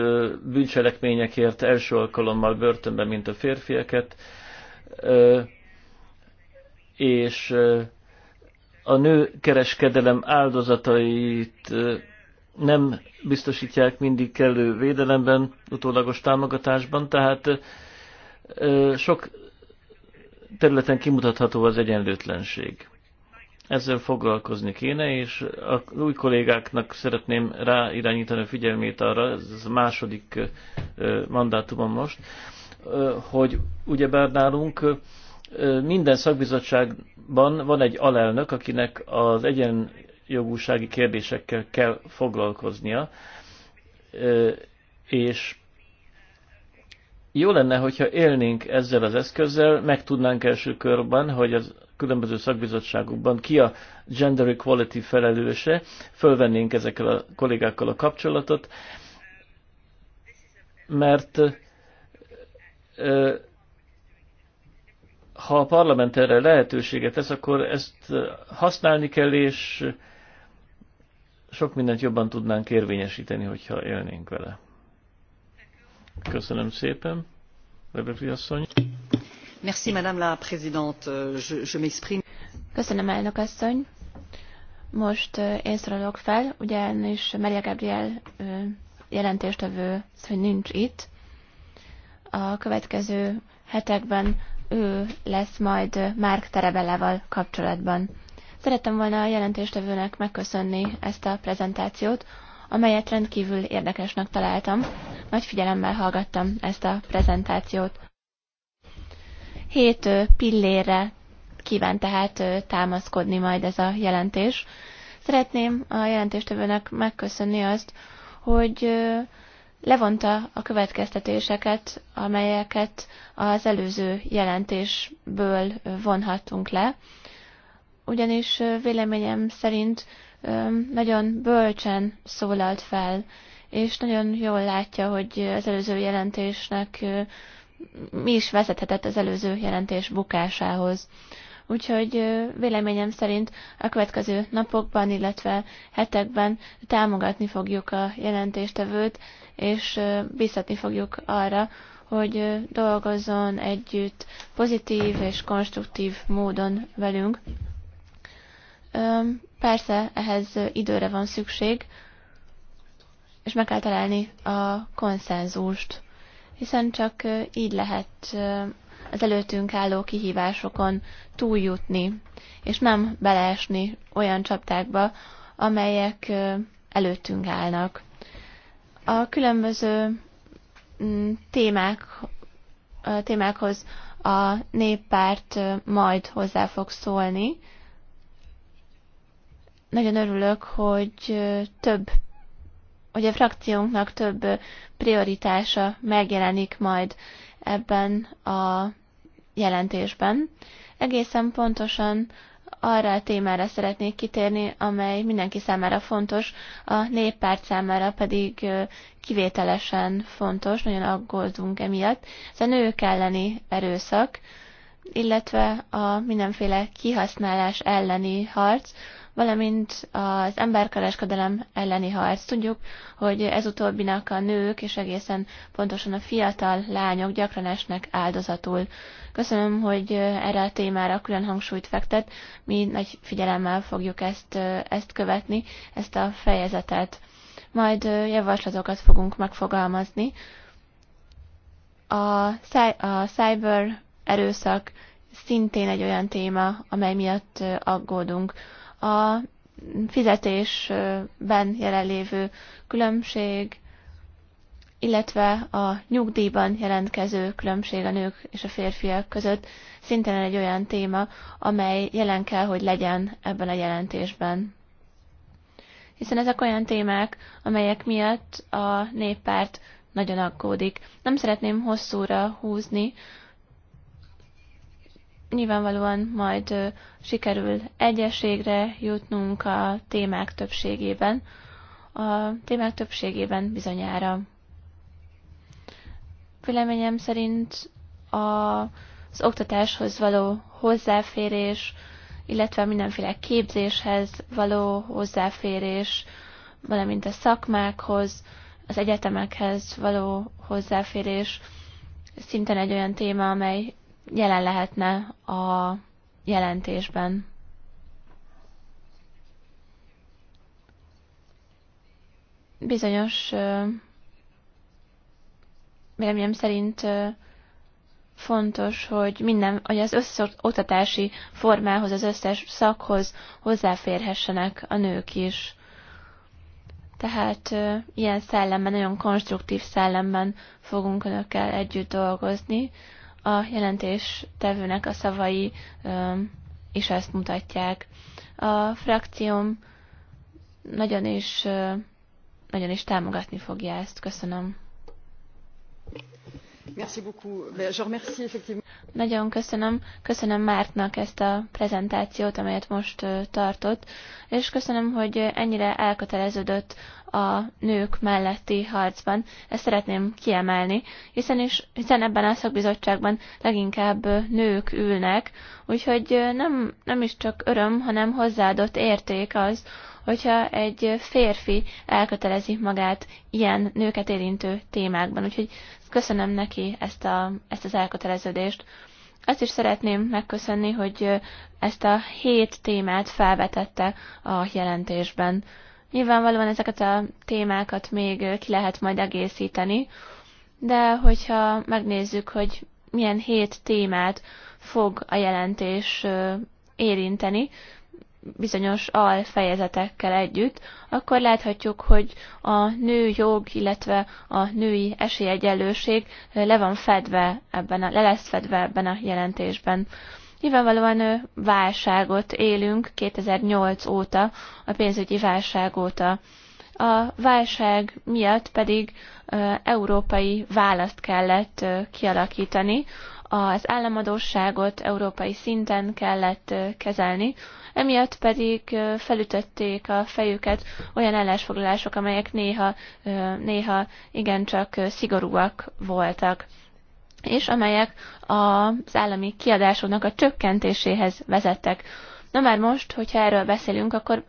Speaker 2: bűncselekményekért első alkalommal börtönbe, mint a férfieket, és a nő kereskedelem áldozatait nem biztosítják mindig kellő védelemben, utólagos támogatásban, tehát sok területen kimutatható az egyenlőtlenség. Ezzel foglalkozni kéne, és a új kollégáknak szeretném ráirányítani a figyelmét arra, ez a második mandátumom most, hogy ugyebár nálunk minden szakbizottságban van egy alelnök, akinek az egyenjogúsági kérdésekkel kell foglalkoznia, és jó lenne, hogyha élnénk ezzel az eszközzel, meg tudnánk első körben, hogy az különböző szakbizottságokban ki a gender equality felelőse, fölvennénk ezekkel a kollégákkal a kapcsolatot, mert ha a parlament erre lehetőséget tesz, akkor ezt használni kell, és sok mindent jobban tudnánk érvényesíteni, hogyha élnénk vele. Köszönöm szépen. Lebevri asszony.
Speaker 4: Merci, Madame la Présidente. Je, je m'exprime. Köszönöm, elnök asszony. Most eh, én szólalok fel, ugyanis Maria Gabriel eh, jelentéstevő szóval nincs itt. A következő hetekben ő lesz majd Márk Terebelával kapcsolatban. Szerettem volna a jelentéstevőnek megköszönni ezt a prezentációt, amelyet rendkívül érdekesnek találtam, nagy figyelemmel hallgattam ezt a prezentációt. Hét pillérre kíván tehát támaszkodni majd ez a jelentés. Szeretném a jelentéstevőnek megköszönni azt, hogy levonta a következtetéseket, amelyeket az előző jelentésből vonhattunk le, ugyanis véleményem szerint nagyon bölcsen szólalt fel és nagyon jól látja, hogy az előző jelentésnek mi is vezethetett az előző jelentés bukásához. Úgyhogy véleményem szerint a következő napokban, illetve hetekben támogatni fogjuk a jelentéstevőt, és biztatni fogjuk arra, hogy dolgozzon együtt pozitív és konstruktív módon velünk. Persze ehhez időre van szükség, és meg kell találni a konszenzust, hiszen csak így lehet az előttünk álló kihívásokon túljutni, és nem beleesni olyan csaptákba, amelyek előttünk állnak. A különböző mm, témák, témákhoz a néppárt majd hozzá fog szólni. Nagyon örülök, hogy több hogy a frakciónknak több prioritása megjelenik majd ebben a jelentésben. Egészen pontosan arra a témára szeretnék kitérni, amely mindenki számára fontos, a néppárt számára pedig kivételesen fontos, nagyon aggódunk emiatt. Ez a nők elleni erőszak, illetve a mindenféle kihasználás elleni harc, valamint az emberkereskedelem elleni harc. Tudjuk, hogy ez utóbbinak a nők és egészen pontosan a fiatal lányok gyakran esnek áldozatul. Köszönöm, hogy erre a témára külön hangsúlyt fektet, mi nagy figyelemmel fogjuk ezt, ezt követni, ezt a fejezetet. Majd javaslatokat fogunk megfogalmazni. A, a cyber erőszak szintén egy olyan téma, amely miatt aggódunk a fizetésben jelenlévő különbség, illetve a nyugdíjban jelentkező különbség a nők és a férfiak között szintén egy olyan téma, amely jelen kell, hogy legyen ebben a jelentésben. Hiszen ezek olyan témák, amelyek miatt a néppárt nagyon aggódik. Nem szeretném hosszúra húzni nyilvánvalóan majd sikerül egyességre jutnunk a témák többségében. A témák többségében bizonyára. Véleményem szerint a, az oktatáshoz való hozzáférés, illetve mindenféle képzéshez való hozzáférés, valamint a szakmákhoz, az egyetemekhez való hozzáférés szintén egy olyan téma, amely jelen lehetne a jelentésben. Bizonyos véleményem szerint fontos, hogy minden, hogy az összes oktatási formához, az összes szakhoz hozzáférhessenek a nők is. Tehát ilyen szellemben, nagyon konstruktív szellemben fogunk önökkel együtt dolgozni, a jelentés tevőnek a szavai is ezt mutatják. A frakcióm nagyon is, nagyon is támogatni fogja ezt. Köszönöm. Nagyon köszönöm. Köszönöm Mártnak ezt a prezentációt, amelyet most tartott, és köszönöm, hogy ennyire elköteleződött a nők melletti harcban. Ezt szeretném kiemelni, hiszen, is, hiszen ebben a szakbizottságban leginkább nők ülnek, úgyhogy nem, nem is csak öröm, hanem hozzáadott érték az, hogyha egy férfi elkötelezi magát ilyen nőket érintő témákban. Úgyhogy köszönöm neki ezt, a, ezt az elköteleződést. Azt is szeretném megköszönni, hogy ezt a hét témát felvetette a jelentésben. Nyilvánvalóan ezeket a témákat még ki lehet majd egészíteni, de hogyha megnézzük, hogy milyen hét témát fog a jelentés érinteni, bizonyos alfejezetekkel együtt, akkor láthatjuk, hogy a jog illetve a női esélyegyenlőség le van fedve ebben a, le lesz fedve ebben a jelentésben. Nyilvánvalóan válságot élünk 2008 óta, a pénzügyi válság óta. A válság miatt pedig európai választ kellett kialakítani, az államadóságot európai szinten kellett kezelni, emiatt pedig felütötték a fejüket olyan ellensfoglalások, amelyek néha, néha igencsak szigorúak voltak és amelyek az állami kiadásoknak a csökkentéséhez vezettek. Na már most, hogyha erről beszélünk, akkor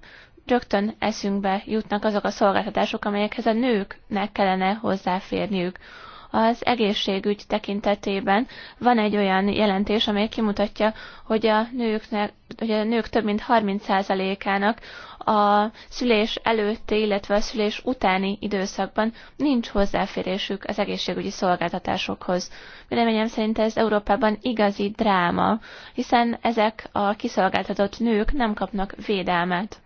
Speaker 4: rögtön eszünkbe jutnak azok a szolgáltatások, amelyekhez a nőknek kellene hozzáférniük az egészségügy tekintetében van egy olyan jelentés, amely kimutatja, hogy a, nőknek, hogy a nők több mint 30%-ának a szülés előtti, illetve a szülés utáni időszakban nincs hozzáférésük az egészségügyi szolgáltatásokhoz. Véleményem szerint ez Európában igazi dráma, hiszen ezek a kiszolgáltatott nők nem kapnak védelmet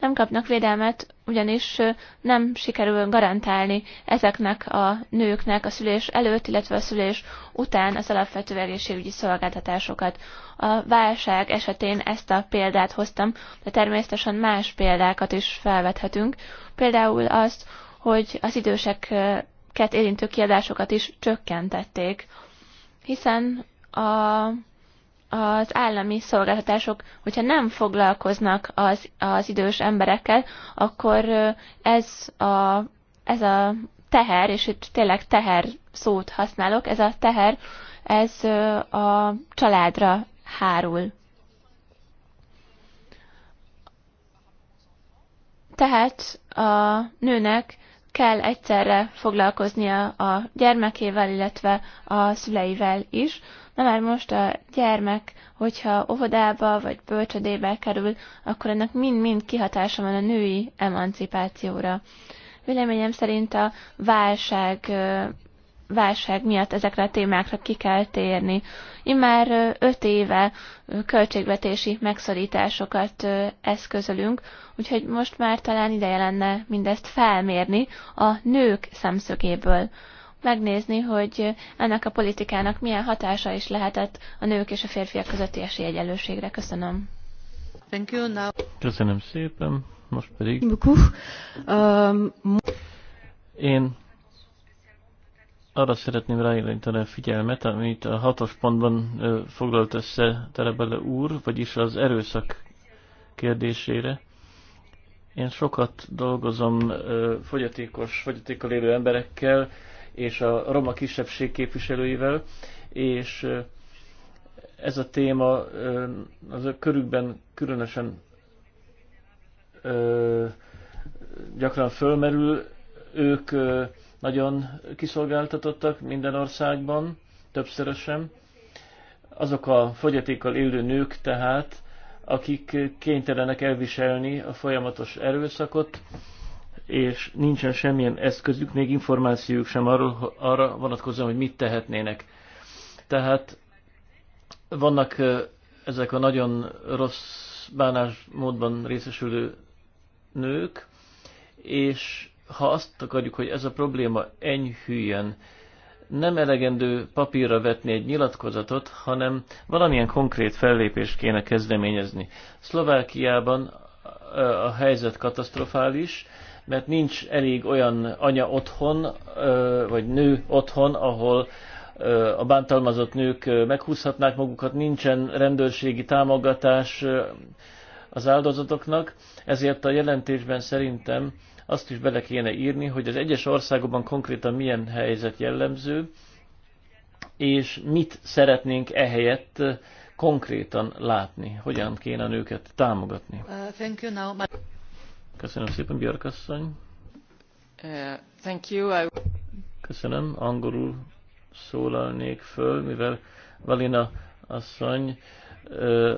Speaker 4: nem kapnak védelmet, ugyanis nem sikerül garantálni ezeknek a nőknek a szülés előtt, illetve a szülés után az alapvető egészségügyi szolgáltatásokat. A válság esetén ezt a példát hoztam, de természetesen más példákat is felvethetünk. Például azt, hogy az időseket érintő kiadásokat is csökkentették, hiszen a az állami szolgáltatások, hogyha nem foglalkoznak az, az idős emberekkel, akkor ez a, ez a teher, és itt tényleg teher szót használok, ez a teher, ez a családra hárul. Tehát a nőnek kell egyszerre foglalkoznia a gyermekével, illetve a szüleivel is, Na már most a gyermek, hogyha óvodába vagy bölcsödébe kerül, akkor ennek mind-mind kihatása van a női emancipációra. Véleményem szerint a válság válság miatt ezekre a témákra ki kell térni. már öt éve költségvetési megszorításokat eszközölünk, úgyhogy most már talán ideje lenne mindezt felmérni a nők szemszögéből megnézni, hogy ennek a politikának milyen hatása is lehetett a nők és a férfiak közötti esélyegyelőségre. Köszönöm. Thank you, now.
Speaker 2: Köszönöm szépen, most pedig. Euh, Én arra szeretném ráirányítani a figyelmet, amit a hatos pontban foglalt össze Terebele úr, vagyis az erőszak kérdésére. Én sokat dolgozom fogyatékos, fogyatékkal élő emberekkel, és a roma kisebbség képviselőivel, és ez a téma az a körükben különösen gyakran fölmerül. Ők nagyon kiszolgáltatottak minden országban, többszörösen. Azok a fogyatékkal élő nők tehát, akik kénytelenek elviselni a folyamatos erőszakot, és nincsen semmilyen eszközük, még információjuk sem arról, arra vonatkozóan, hogy mit tehetnének. Tehát vannak ezek a nagyon rossz bánásmódban részesülő nők, és ha azt akarjuk, hogy ez a probléma enyhüljön, nem elegendő papírra vetni egy nyilatkozatot, hanem valamilyen konkrét fellépést kéne kezdeményezni. Szlovákiában a helyzet katasztrofális, mert nincs elég olyan anya otthon, vagy nő otthon, ahol a bántalmazott nők meghúzhatnák magukat, nincsen rendőrségi támogatás az áldozatoknak, ezért a jelentésben szerintem azt is bele kéne írni, hogy az egyes országokban konkrétan milyen helyzet jellemző, és mit szeretnénk ehelyett konkrétan látni, hogyan kéne a nőket támogatni.
Speaker 1: Uh,
Speaker 2: Köszönöm szépen, Björk asszony.
Speaker 1: Uh, thank you.
Speaker 2: Köszönöm, angolul szólalnék föl, mivel Valina asszony uh,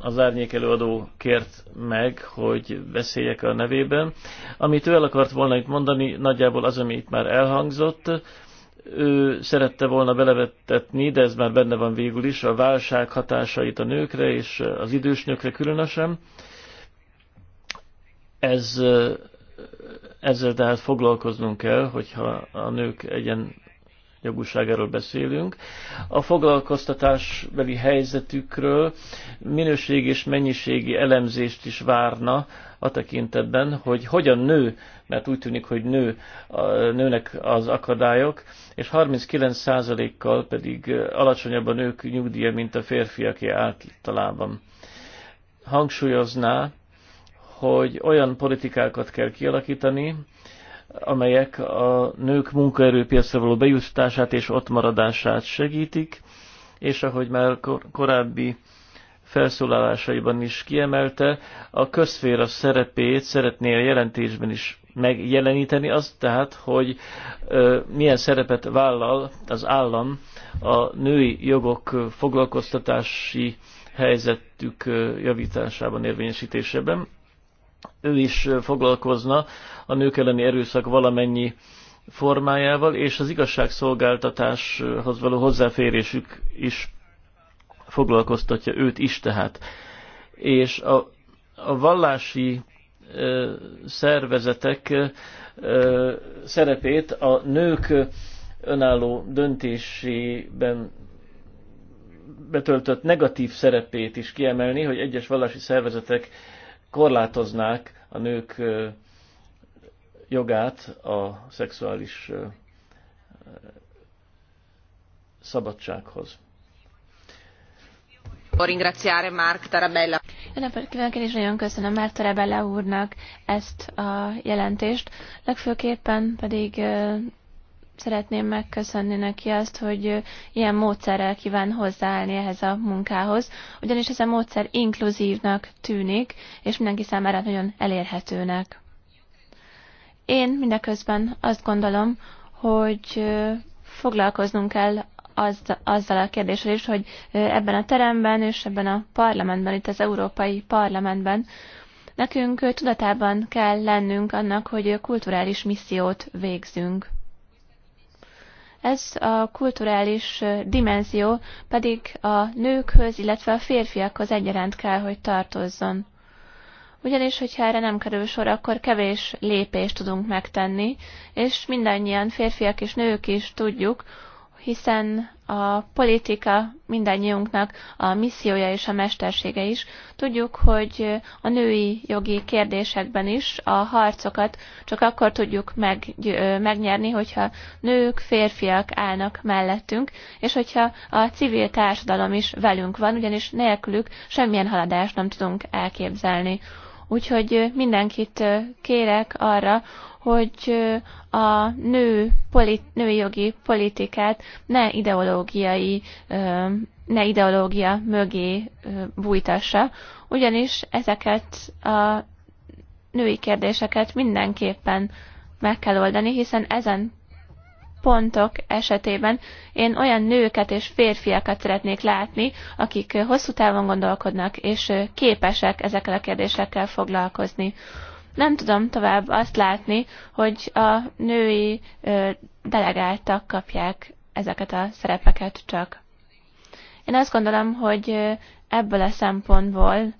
Speaker 2: az árnyék előadó kért meg, hogy beszéljek a nevében. Amit ő el akart volna itt mondani, nagyjából az, ami itt már elhangzott, ő szerette volna belevetetni, de ez már benne van végül is, a válság hatásait a nőkre és az idős nőkre különösen. Ez, ezzel tehát foglalkoznunk kell, hogyha a nők egyen jogúságáról beszélünk, a foglalkoztatásbeli helyzetükről minőség és mennyiségi elemzést is várna a tekintetben, hogy hogyan nő, mert úgy tűnik, hogy nő, nőnek az akadályok, és 39%-kal pedig alacsonyabb a nők nyugdíja, mint a férfiaké általában. Hangsúlyozná, hogy olyan politikákat kell kialakítani, amelyek a nők munkaerőpiacra való bejutását és ott maradását segítik, és ahogy már korábbi felszólalásaiban is kiemelte, a közféra szerepét szeretné a jelentésben is megjeleníteni, az tehát, hogy milyen szerepet vállal az állam a női jogok foglalkoztatási helyzetük javításában, érvényesítésében ő is foglalkozna a nők elleni erőszak valamennyi formájával, és az igazságszolgáltatáshoz való hozzáférésük is foglalkoztatja őt is tehát. És a, a vallási ö, szervezetek ö, szerepét a nők önálló döntésében betöltött negatív szerepét is kiemelni, hogy egyes vallási szervezetek ö, korlátoznák a nők jogát a szexuális szabadsághoz.
Speaker 3: Jó
Speaker 4: napot kívánok, én is nagyon köszönöm Márk Tarabella úrnak ezt a jelentést, legfőképpen pedig szeretném megköszönni neki azt, hogy ilyen módszerrel kíván hozzáállni ehhez a munkához, ugyanis ez a módszer inkluzívnak tűnik, és mindenki számára nagyon elérhetőnek. Én mindeközben azt gondolom, hogy foglalkoznunk kell azzal a kérdéssel is, hogy ebben a teremben és ebben a parlamentben, itt az Európai Parlamentben nekünk tudatában kell lennünk annak, hogy kulturális missziót végzünk. Ez a kulturális dimenzió pedig a nőkhöz, illetve a férfiakhoz egyaránt kell, hogy tartozzon. Ugyanis, hogyha erre nem kerül sor, akkor kevés lépést tudunk megtenni, és mindannyian férfiak és nők is tudjuk, hiszen a politika mindannyiunknak a missziója és a mestersége is. Tudjuk, hogy a női jogi kérdésekben is a harcokat csak akkor tudjuk meg, megnyerni, hogyha nők, férfiak állnak mellettünk, és hogyha a civil társadalom is velünk van, ugyanis nélkülük semmilyen haladást nem tudunk elképzelni. Úgyhogy mindenkit kérek arra, hogy a nő, polit, női jogi politikát ne ideológiai, ne ideológia mögé bújtassa, ugyanis ezeket a női kérdéseket mindenképpen meg kell oldani, hiszen ezen pontok esetében én olyan nőket és férfiakat szeretnék látni, akik hosszú távon gondolkodnak, és képesek ezekkel a kérdésekkel foglalkozni. Nem tudom tovább azt látni, hogy a női delegáltak kapják ezeket a szerepeket csak. Én azt gondolom, hogy ebből a szempontból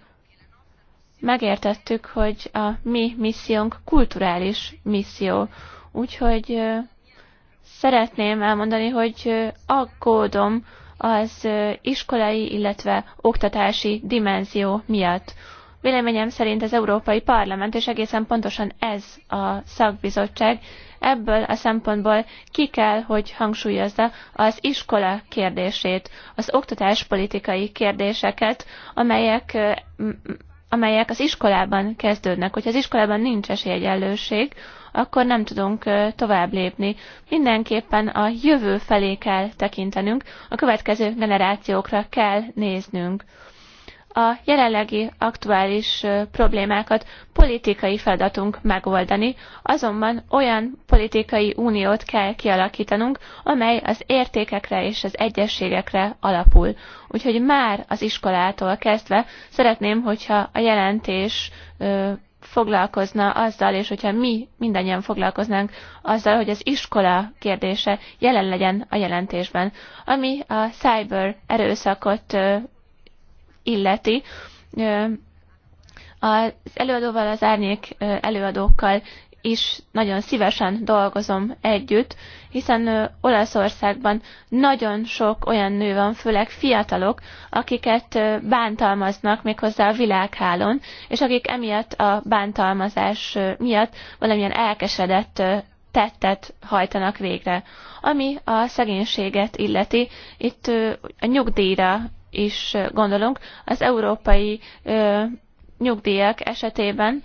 Speaker 4: megértettük, hogy a mi missziónk kulturális misszió. Úgyhogy szeretném elmondani, hogy aggódom az iskolai, illetve oktatási dimenzió miatt. Véleményem szerint az Európai Parlament, és egészen pontosan ez a szakbizottság, ebből a szempontból ki kell, hogy hangsúlyozza az iskola kérdését, az oktatáspolitikai kérdéseket, amelyek amelyek az iskolában kezdődnek. Hogyha az iskolában nincs esélyegyenlőség, akkor nem tudunk tovább lépni. Mindenképpen a jövő felé kell tekintenünk, a következő generációkra kell néznünk a jelenlegi aktuális problémákat politikai feladatunk megoldani, azonban olyan politikai uniót kell kialaktanunk amely az értékekre és az egyességekre alapul. Úgyhogy már az iskolától kezdve szeretném, hogyha a jelentés foglalkozna azzal, és hogyha mi mindannyian foglalkoznánk azzal, hogy az iskola kérdése jelen legyen a jelentésben, ami a cyber erőszakot illeti, az előadóval, az árnyék előadókkal is nagyon szívesen dolgozom együtt, hiszen Olaszországban nagyon sok olyan nő van, főleg fiatalok, akiket bántalmaznak méghozzá a világhálon, és akik emiatt a bántalmazás miatt valamilyen elkesedett tettet hajtanak végre. Ami a szegénységet illeti, itt a nyugdíjra is gondolunk. Az európai nyugdíjak esetében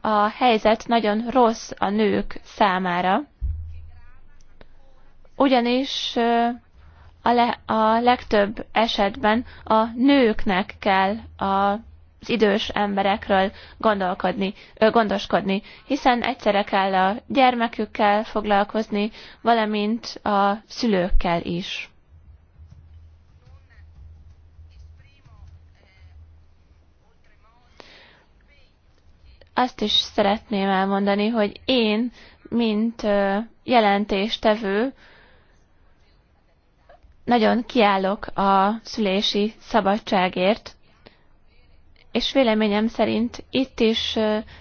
Speaker 4: a helyzet nagyon rossz a nők számára, ugyanis a, le, a legtöbb esetben a nőknek kell a az idős emberekről gondolkodni, gondoskodni, hiszen egyszerre kell a gyermekükkel foglalkozni, valamint a szülőkkel is. azt is szeretném elmondani, hogy én, mint jelentéstevő, nagyon kiállok a szülési szabadságért, és véleményem szerint itt is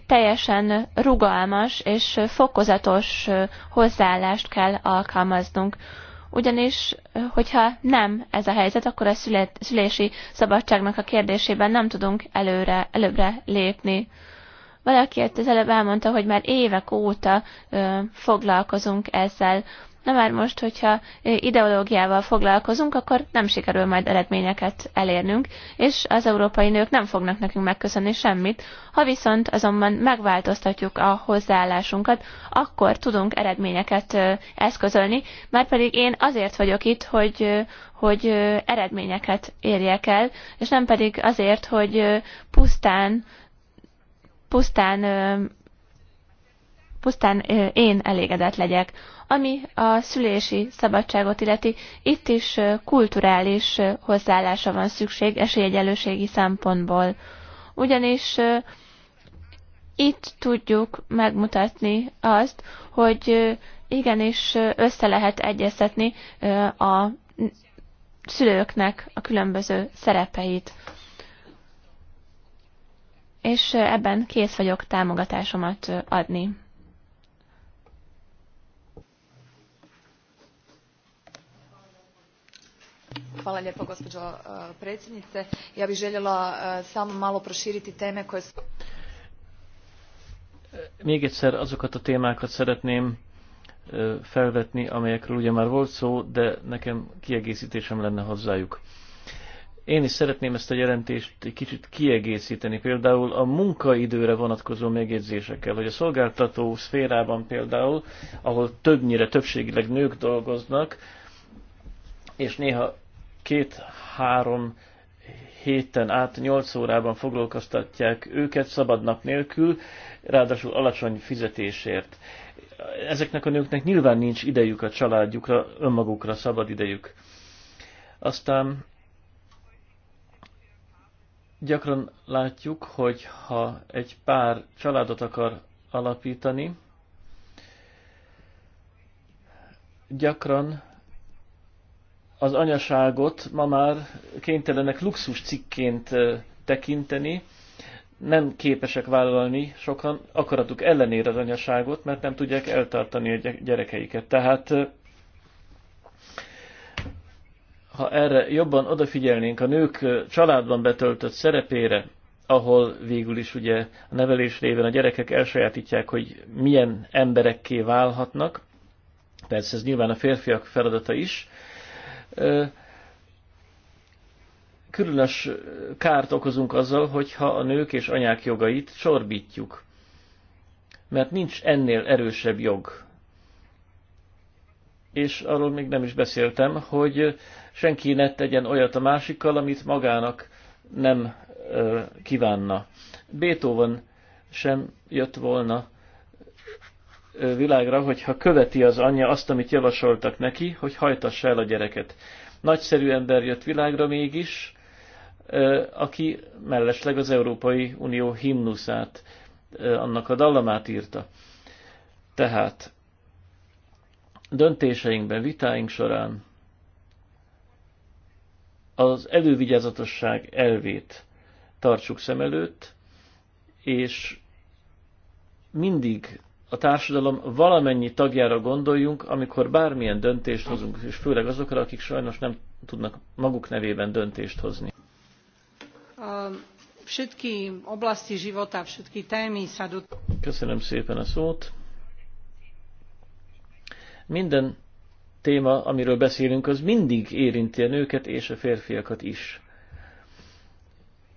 Speaker 4: teljesen rugalmas és fokozatos hozzáállást kell alkalmaznunk. Ugyanis, hogyha nem ez a helyzet, akkor a szülési szabadságnak a kérdésében nem tudunk előre, előbbre lépni. Valaki ezt az előbb elmondta, hogy már évek óta ö, foglalkozunk ezzel. Na már most, hogyha ideológiával foglalkozunk, akkor nem sikerül majd eredményeket elérnünk, és az európai nők nem fognak nekünk megköszönni semmit. Ha viszont azonban megváltoztatjuk a hozzáállásunkat, akkor tudunk eredményeket eszközölni, mert pedig én azért vagyok itt, hogy, hogy eredményeket érjek el, és nem pedig azért, hogy pusztán pusztán pusztán én elégedett legyek. Ami a szülési szabadságot illeti, itt is kulturális hozzáállása van szükség esélyegyelőségi szempontból. Ugyanis itt tudjuk megmutatni azt, hogy igenis össze lehet egyeztetni a szülőknek a különböző szerepeit és ebben kész vagyok támogatásomat adni.
Speaker 3: gospođo e, predsjednice ja bih željela e, samo malo proširiti teme koje su
Speaker 2: e, Még egyszer azokat a témákat szeretném felvetni, amelyekről ugye már volt szó, de nekem kiegészítésem lenne hozzájuk. Én is szeretném ezt a jelentést egy kicsit kiegészíteni, például a munkaidőre vonatkozó megjegyzésekkel, hogy a szolgáltató szférában például, ahol többnyire többségileg nők dolgoznak, és néha két-három héten át nyolc órában foglalkoztatják őket szabad nap nélkül, ráadásul alacsony fizetésért. Ezeknek a nőknek nyilván nincs idejük a családjukra, önmagukra szabad idejük. Aztán Gyakran látjuk, hogy ha egy pár családot akar alapítani, gyakran az anyaságot ma már kénytelenek luxus cikként tekinteni, nem képesek vállalni sokan akaratuk ellenére az anyaságot, mert nem tudják eltartani a gyerekeiket. Tehát ha erre jobban odafigyelnénk a nők családban betöltött szerepére, ahol végül is ugye a nevelés révén a gyerekek elsajátítják, hogy milyen emberekké válhatnak, persze ez nyilván a férfiak feladata is, különös kárt okozunk azzal, hogyha a nők és anyák jogait csorbítjuk. Mert nincs ennél erősebb jog és arról még nem is beszéltem, hogy senki ne tegyen olyat a másikkal, amit magának nem kívánna. Beethoven sem jött volna világra, hogyha követi az anyja azt, amit javasoltak neki, hogy hajtassa el a gyereket. Nagyszerű ember jött világra mégis, aki mellesleg az Európai Unió himnuszát, annak a dallamát írta. Tehát döntéseinkben, vitáink során az elővigyázatosság elvét tartsuk szem előtt, és mindig a társadalom valamennyi tagjára gondoljunk, amikor bármilyen döntést hozunk, és főleg azokra, akik sajnos nem tudnak maguk nevében döntést hozni. Köszönöm szépen a szót. Minden téma, amiről beszélünk, az mindig érinti a nőket és a férfiakat is.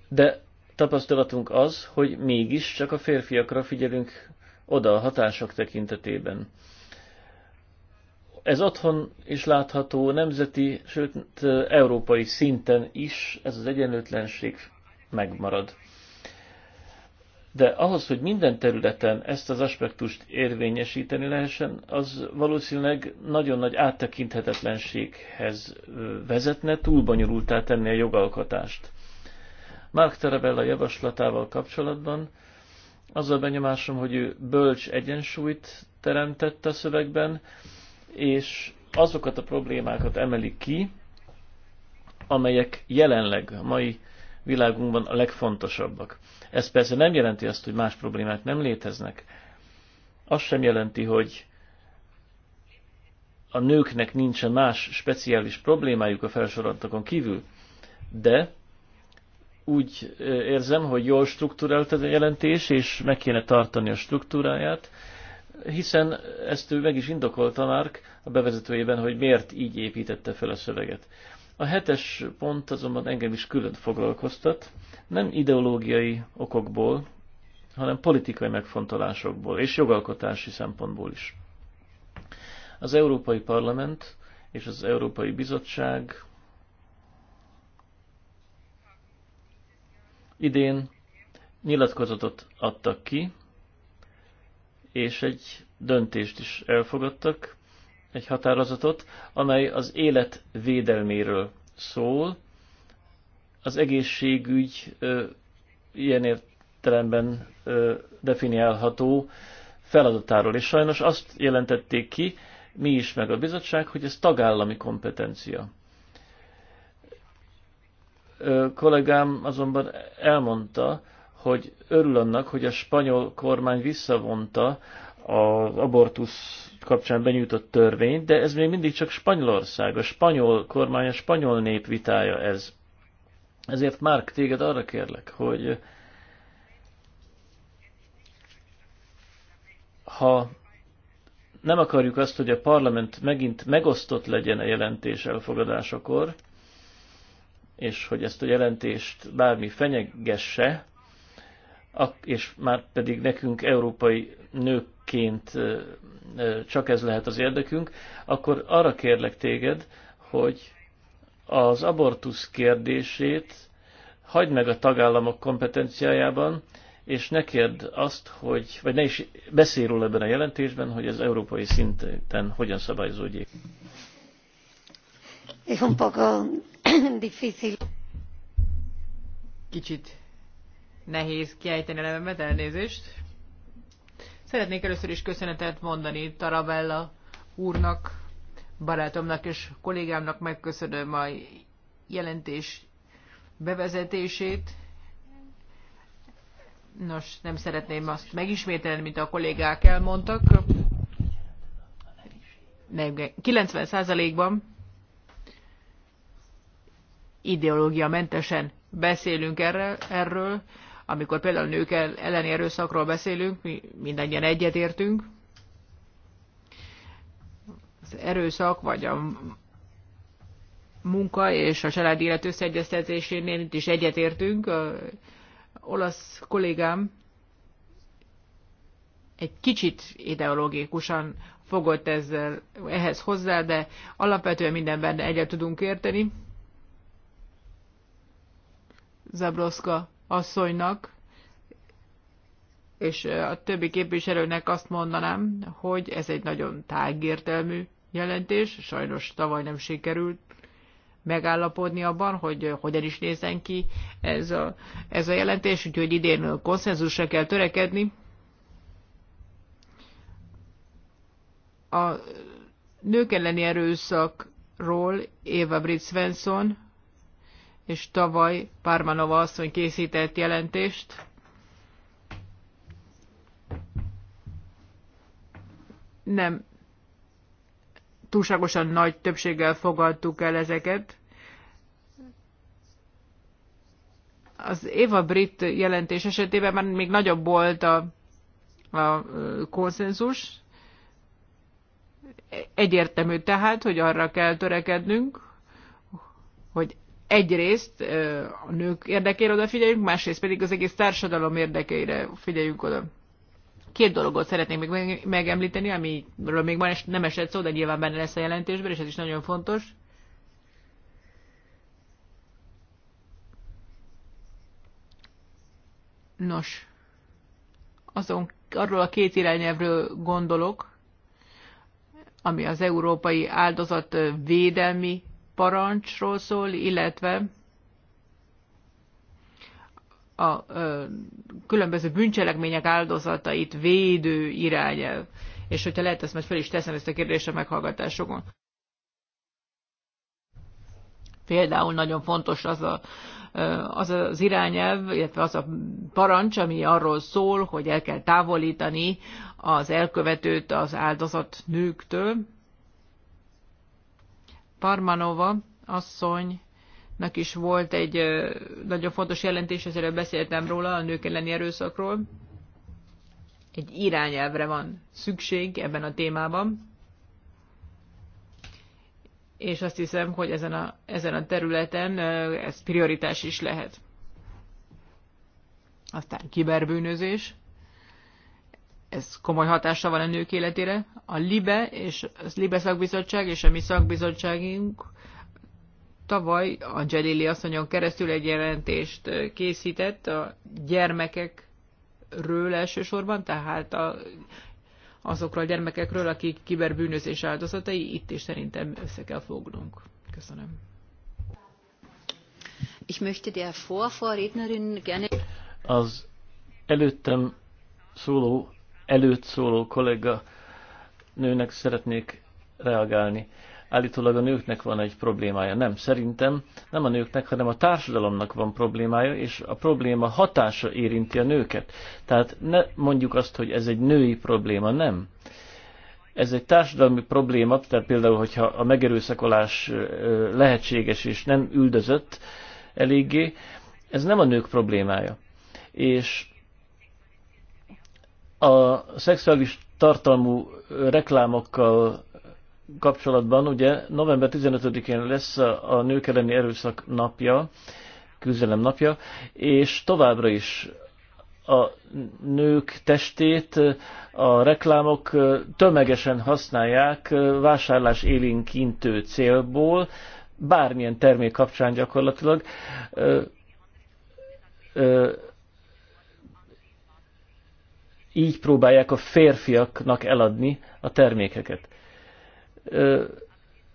Speaker 2: De tapasztalatunk az, hogy mégis csak a férfiakra figyelünk oda a hatások tekintetében. Ez otthon is látható, nemzeti, sőt európai szinten is ez az egyenlőtlenség megmarad de ahhoz, hogy minden területen ezt az aspektust érvényesíteni lehessen, az valószínűleg nagyon nagy áttekinthetetlenséghez vezetne, túl bonyolultá tenni a jogalkotást. Mark Tarabella javaslatával kapcsolatban az a benyomásom, hogy ő bölcs egyensúlyt teremtett a szövegben, és azokat a problémákat emeli ki, amelyek jelenleg a mai világunkban a legfontosabbak. Ez persze nem jelenti azt, hogy más problémák nem léteznek. Az sem jelenti, hogy a nőknek nincsen más speciális problémájuk a felsoroltakon kívül, de úgy érzem, hogy jól struktúrált ez a jelentés, és meg kéne tartani a struktúráját, hiszen ezt ő meg is indokolta már a bevezetőjében, hogy miért így építette fel a szöveget. A hetes pont azonban engem is külön foglalkoztat, nem ideológiai okokból, hanem politikai megfontolásokból és jogalkotási szempontból is. Az Európai Parlament és az Európai Bizottság idén nyilatkozatot adtak ki, és egy döntést is elfogadtak, egy határozatot, amely az élet védelméről szól. Az egészségügy ö, ilyen értelemben ö, definiálható feladatáról, és sajnos azt jelentették ki, mi is meg a bizottság, hogy ez tagállami kompetencia. Ö, kollégám azonban elmondta, hogy örül annak, hogy a spanyol kormány visszavonta az abortusz kapcsán benyújtott törvényt, de ez még mindig csak Spanyolország, a spanyol kormány, a spanyol nép vitája ez. Ezért Márk, téged arra kérlek, hogy ha nem akarjuk azt, hogy a parlament megint megosztott legyen a jelentés elfogadásakor, és hogy ezt a jelentést bármi fenyegesse, és már pedig nekünk európai nőkként csak ez lehet az érdekünk, akkor arra kérlek téged, hogy az abortusz kérdését hagyd meg a tagállamok kompetenciájában, és ne kérd azt, hogy, vagy ne is beszélj róla ebben a jelentésben, hogy ez európai szinten hogyan szabályozódjék.
Speaker 4: Es un poco
Speaker 2: difícil. Kicsit
Speaker 1: Nehéz kiejteni a nevemet, elnézést. Szeretnék először is köszönetet mondani Tarabella úrnak, barátomnak és kollégámnak megköszönöm a jelentés bevezetését. Nos, nem szeretném azt megismételni, mint a kollégák elmondtak. 90%-ban mentesen beszélünk erről, erről. Amikor például nők elleni erőszakról beszélünk, mi mindannyian egyetértünk. Az erőszak vagy a munka és a család élet összeegyeztetésénél itt is egyetértünk. A olasz kollégám egy kicsit ideológikusan fogott ezzel, ehhez hozzá, de alapvetően mindenben egyet tudunk érteni. Zabroska asszonynak és a többi képviselőnek azt mondanám, hogy ez egy nagyon tágértelmű jelentés, sajnos tavaly nem sikerült megállapodni abban, hogy hogyan is nézzen ki ez a, ez a jelentés, úgyhogy idén konszenzusra kell törekedni. A nők elleni erőszakról Éva Brit Svensson és tavaly Pármanova asszony készített jelentést. Nem túlságosan nagy többséggel fogadtuk el ezeket. Az eva Brit jelentés esetében már még nagyobb volt a, a konszenzus. Egyértelmű tehát, hogy arra kell törekednünk, hogy egyrészt a nők érdekére odafigyeljünk, másrészt pedig az egész társadalom érdekeire figyeljünk oda. Két dologot szeretnék még megemlíteni, amiről még van, nem esett szó, de nyilván benne lesz a jelentésben, és ez is nagyon fontos. Nos, azon, arról a két irányelvről gondolok, ami az európai áldozat védelmi parancsról szól, illetve a különböző bűncselekmények áldozatait védő irányel. És hogyha lehet, ezt majd fel is teszem ezt a kérdést a meghallgatásokon. Például nagyon fontos az a, az az irányelv, illetve az a parancs, ami arról szól, hogy el kell távolítani az elkövetőt az áldozat nőktől. Parmanova asszonynak is volt egy nagyon fontos jelentés, ezért beszéltem róla, a nők elleni erőszakról. Egy irányelvre van szükség ebben a témában. És azt hiszem, hogy ezen a, ezen a területen ez prioritás is lehet. Aztán kiberbűnözés ez komoly hatása van a nők életére. A LIBE, és a LIBE szakbizottság és a mi szakbizottságunk tavaly a Jelili asszonyon keresztül egy jelentést készített a gyermekekről elsősorban, tehát a, azokról a gyermekekről, akik kiberbűnözés áldozatai, itt is szerintem össze kell fognunk. Köszönöm.
Speaker 4: Ich möchte der Vorvorrednerin gerne...
Speaker 2: Az előttem szóló előtt szóló kollega nőnek szeretnék reagálni. Állítólag a nőknek van egy problémája. Nem, szerintem nem a nőknek, hanem a társadalomnak van problémája, és a probléma hatása érinti a nőket. Tehát ne mondjuk azt, hogy ez egy női probléma, nem. Ez egy társadalmi probléma, tehát például, hogyha a megerőszakolás lehetséges és nem üldözött eléggé, ez nem a nők problémája. És a szexuális tartalmú reklámokkal kapcsolatban ugye november 15-én lesz a nők elleni erőszak napja, küzdelem napja, és továbbra is a nők testét a reklámok tömegesen használják vásárlás élénkintő célból, bármilyen termék kapcsán gyakorlatilag így próbálják a férfiaknak eladni a termékeket.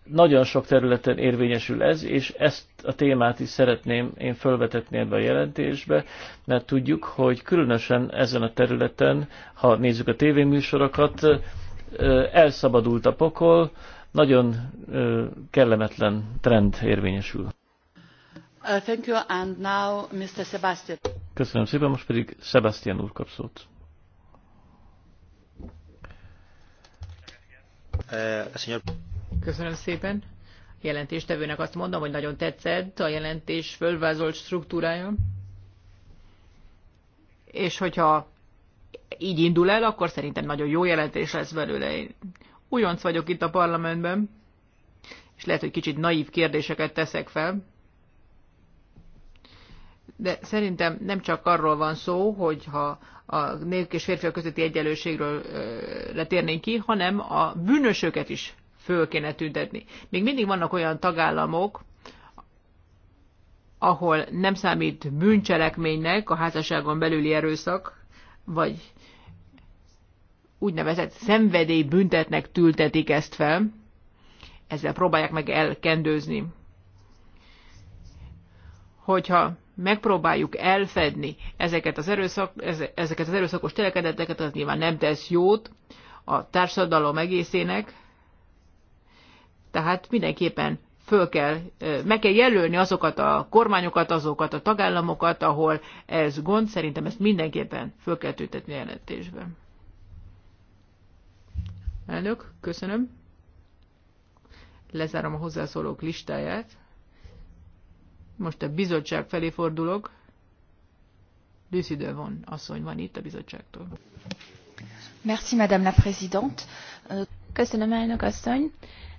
Speaker 2: Nagyon sok területen érvényesül ez, és ezt a témát is szeretném én felvetetni ebbe a jelentésbe, mert tudjuk, hogy különösen ezen a területen, ha nézzük a tévéműsorokat, elszabadult a pokol, nagyon kellemetlen trend érvényesül.
Speaker 1: Uh, thank you, and now Mr. Sebastian.
Speaker 2: Köszönöm szépen, most pedig Sebastian úr kap szót. Eh,
Speaker 1: Köszönöm szépen. A jelentéstevőnek azt mondom, hogy nagyon tetszett a jelentés fölvázolt struktúrája. És hogyha így indul el, akkor szerintem nagyon jó jelentés lesz belőle. Én újonc vagyok itt a parlamentben, és lehet, hogy kicsit naív kérdéseket teszek fel, de szerintem nem csak arról van szó, hogy ha a nők és férfiak közötti egyenlőségről letérnénk ki, hanem a bűnösöket is föl kéne tüntetni. Még mindig vannak olyan tagállamok, ahol nem számít bűncselekménynek a házasságon belüli erőszak, vagy úgynevezett szenvedély büntetnek tültetik ezt fel, ezzel próbálják meg elkendőzni. Hogyha megpróbáljuk elfedni ezeket az, erőszak, ezeket az erőszakos telekedeteket, az nyilván nem tesz jót a társadalom egészének, tehát mindenképpen föl kell, meg kell jelölni azokat a kormányokat, azokat a tagállamokat, ahol ez gond, szerintem ezt mindenképpen föl kell tüntetni a jelentésben. Elnök, köszönöm. Lezárom a hozzászólók listáját. Most a bizottság felé fordulok. Lucy von, asszony van itt a bizottságtól.
Speaker 4: Merci, Madame la Présidente. Köszönöm, elnök asszony.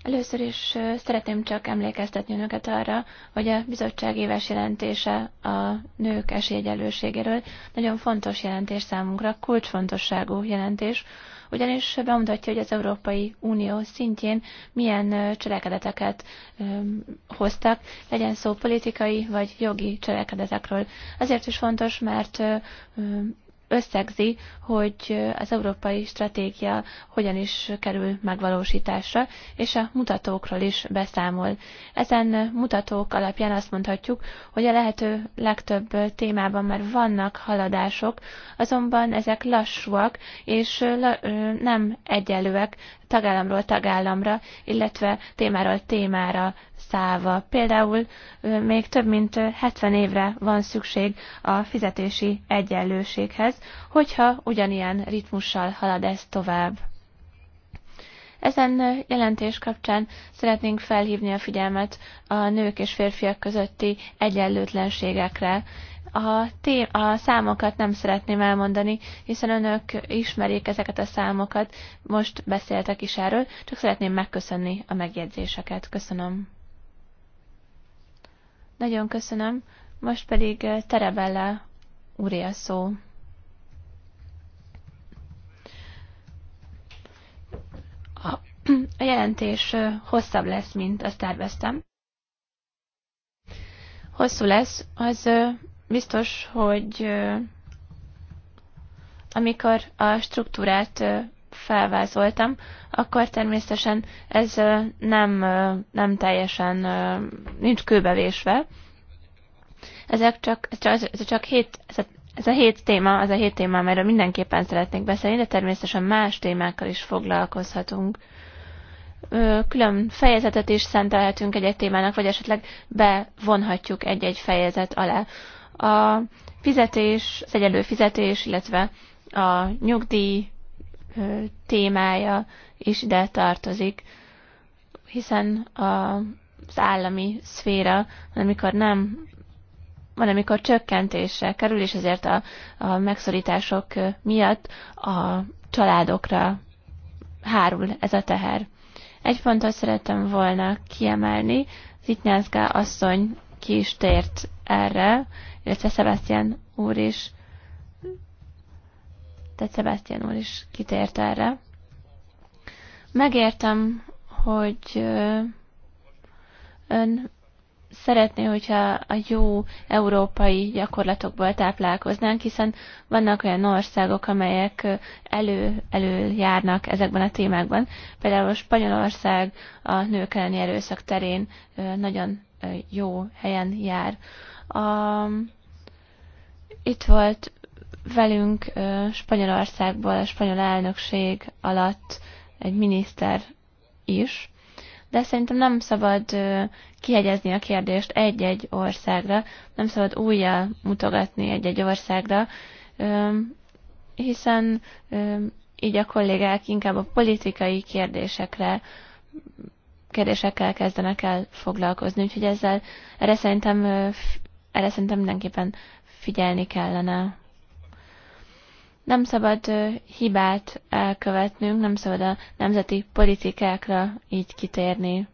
Speaker 4: Először is szeretném csak emlékeztetni önöket arra, hogy a bizottság éves jelentése a nők esélyegyenlőségéről nagyon fontos jelentés számunkra, kulcsfontosságú jelentés, ugyanis bemutatja, hogy az Európai Unió szintjén milyen cselekedeteket hoztak, legyen szó politikai vagy jogi cselekedetekről. Ezért is fontos, mert összegzi, hogy az európai stratégia hogyan is kerül megvalósításra, és a mutatókról is beszámol. Ezen mutatók alapján azt mondhatjuk, hogy a lehető legtöbb témában már vannak haladások, azonban ezek lassúak és nem egyenlőek tagállamról tagállamra, illetve témáról témára szállva. Például még több mint 70 évre van szükség a fizetési egyenlőséghez, hogyha ugyanilyen ritmussal halad ez tovább. Ezen jelentés kapcsán szeretnénk felhívni a figyelmet a nők és férfiak közötti egyenlőtlenségekre, a, tém, a számokat nem szeretném elmondani, hiszen önök ismerik ezeket a számokat, most beszéltek is erről, csak szeretném megköszönni a megjegyzéseket. Köszönöm. Nagyon köszönöm. Most pedig eh, Terebella úré a szó. A, a jelentés eh, hosszabb lesz, mint azt terveztem. Hosszú lesz, az eh, biztos, hogy amikor a struktúrát felvázoltam, akkor természetesen ez nem, nem teljesen nincs kőbevésve. Ezek csak, ez csak, ez csak hét, ez, ez a hét téma, az a hét téma, amelyről mindenképpen szeretnék beszélni, de természetesen más témákkal is foglalkozhatunk. Külön fejezetet is szentelhetünk egy-egy témának, vagy esetleg bevonhatjuk egy-egy fejezet alá a fizetés, az egyenlő fizetés, illetve a nyugdíj témája is ide tartozik, hiszen az állami szféra, amikor nem van, amikor csökkentése, kerül, és ezért a, a megszorítások miatt a családokra hárul ez a teher. Egy fontos szerettem volna kiemelni, Zitnyánszka asszony ki is tért erre, illetve Sebastian úr is, tehát Sebastian úr is kitért erre. Megértem, hogy ön szeretné, hogyha a jó európai gyakorlatokból táplálkoznánk, hiszen vannak olyan országok, amelyek elő, elő járnak ezekben a témákban. Például a Spanyolország a nők elleni erőszak terén nagyon jó helyen jár. A, itt volt velünk Spanyolországból a spanyol elnökség alatt egy miniszter is, de szerintem nem szabad kihegyezni a kérdést egy-egy országra, nem szabad újjal mutogatni egy-egy országra, hiszen így a kollégák inkább a politikai kérdésekre kérdésekkel kezdenek el foglalkozni, úgyhogy ezzel erre szerintem erre szerintem mindenképpen figyelni kellene. Nem szabad hibát elkövetnünk, nem szabad a nemzeti politikákra így kitérni.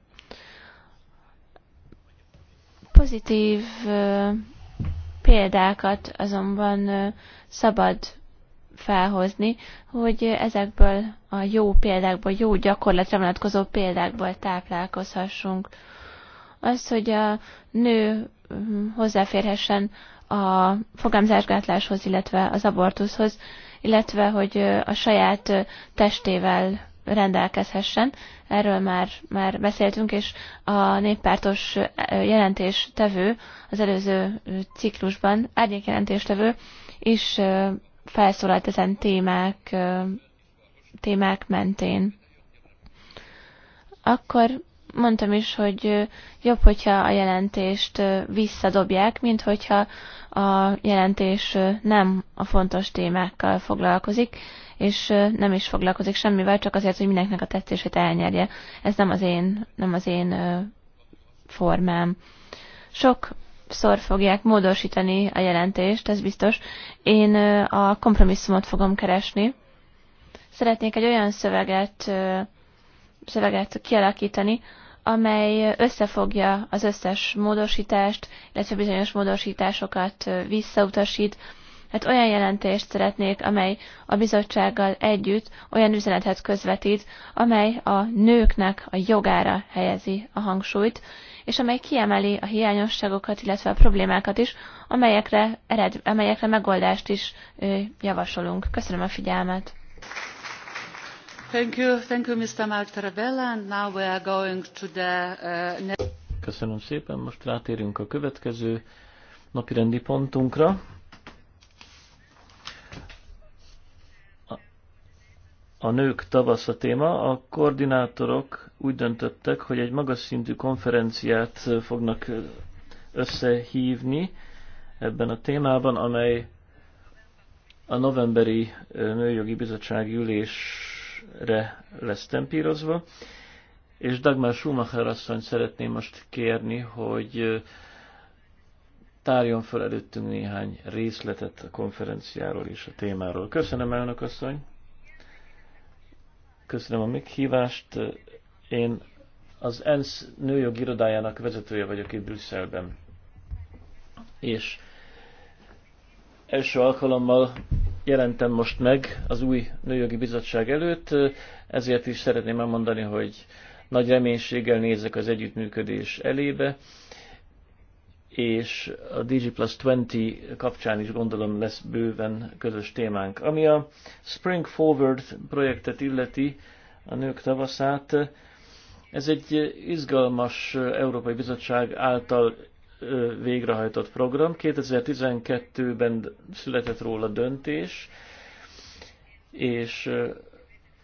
Speaker 4: Pozitív példákat azonban szabad felhozni, hogy ezekből a jó példákból, jó gyakorlatra vonatkozó példákból táplálkozhassunk az, hogy a nő hm, hozzáférhessen a fogamzásgátláshoz, illetve az abortuszhoz, illetve hogy a saját testével rendelkezhessen. Erről már, már beszéltünk, és a néppártos tevő az előző ciklusban, tevő, is felszólalt ezen témák, témák mentén. Akkor mondtam is, hogy jobb, hogyha a jelentést visszadobják, mint hogyha a jelentés nem a fontos témákkal foglalkozik, és nem is foglalkozik semmivel, csak azért, hogy mindenkinek a tetszését elnyerje. Ez nem az én, nem az én formám. Sok szor fogják módosítani a jelentést, ez biztos. Én a kompromisszumot fogom keresni. Szeretnék egy olyan szöveget szöveget kialakítani, amely összefogja az összes módosítást, illetve bizonyos módosításokat visszautasít. Hát olyan jelentést szeretnék, amely a bizottsággal együtt olyan üzenetet közvetít, amely a nőknek a jogára helyezi a hangsúlyt, és amely kiemeli a hiányosságokat, illetve a problémákat is, amelyekre, ered, amelyekre megoldást is javasolunk. Köszönöm a figyelmet!
Speaker 1: Uh,
Speaker 2: Köszönöm szépen, most rátérünk a következő napirendi pontunkra. a nők a téma, a koordinátorok úgy döntöttek, hogy egy magas szintű konferenciát fognak összehívni ebben a témában, amely a novemberi Nőjogi Bizottsági Ülés re lesz tempírozva. És Dagmar Schumacher asszony szeretném most kérni, hogy tárjon fel előttünk néhány részletet a konferenciáról és a témáról. Köszönöm, elnök asszony! Köszönöm a meghívást. Én az ENSZ nőjogi irodájának vezetője vagyok itt Brüsszelben. És első alkalommal jelentem most meg az új Nőjogi Bizottság előtt, ezért is szeretném elmondani, hogy nagy reménységgel nézek az együttműködés elébe, és a DG Plus 20 kapcsán is gondolom lesz bőven közös témánk. Ami a Spring Forward projektet illeti, a nők tavaszát, ez egy izgalmas Európai Bizottság által végrehajtott program. 2012-ben született róla döntés, és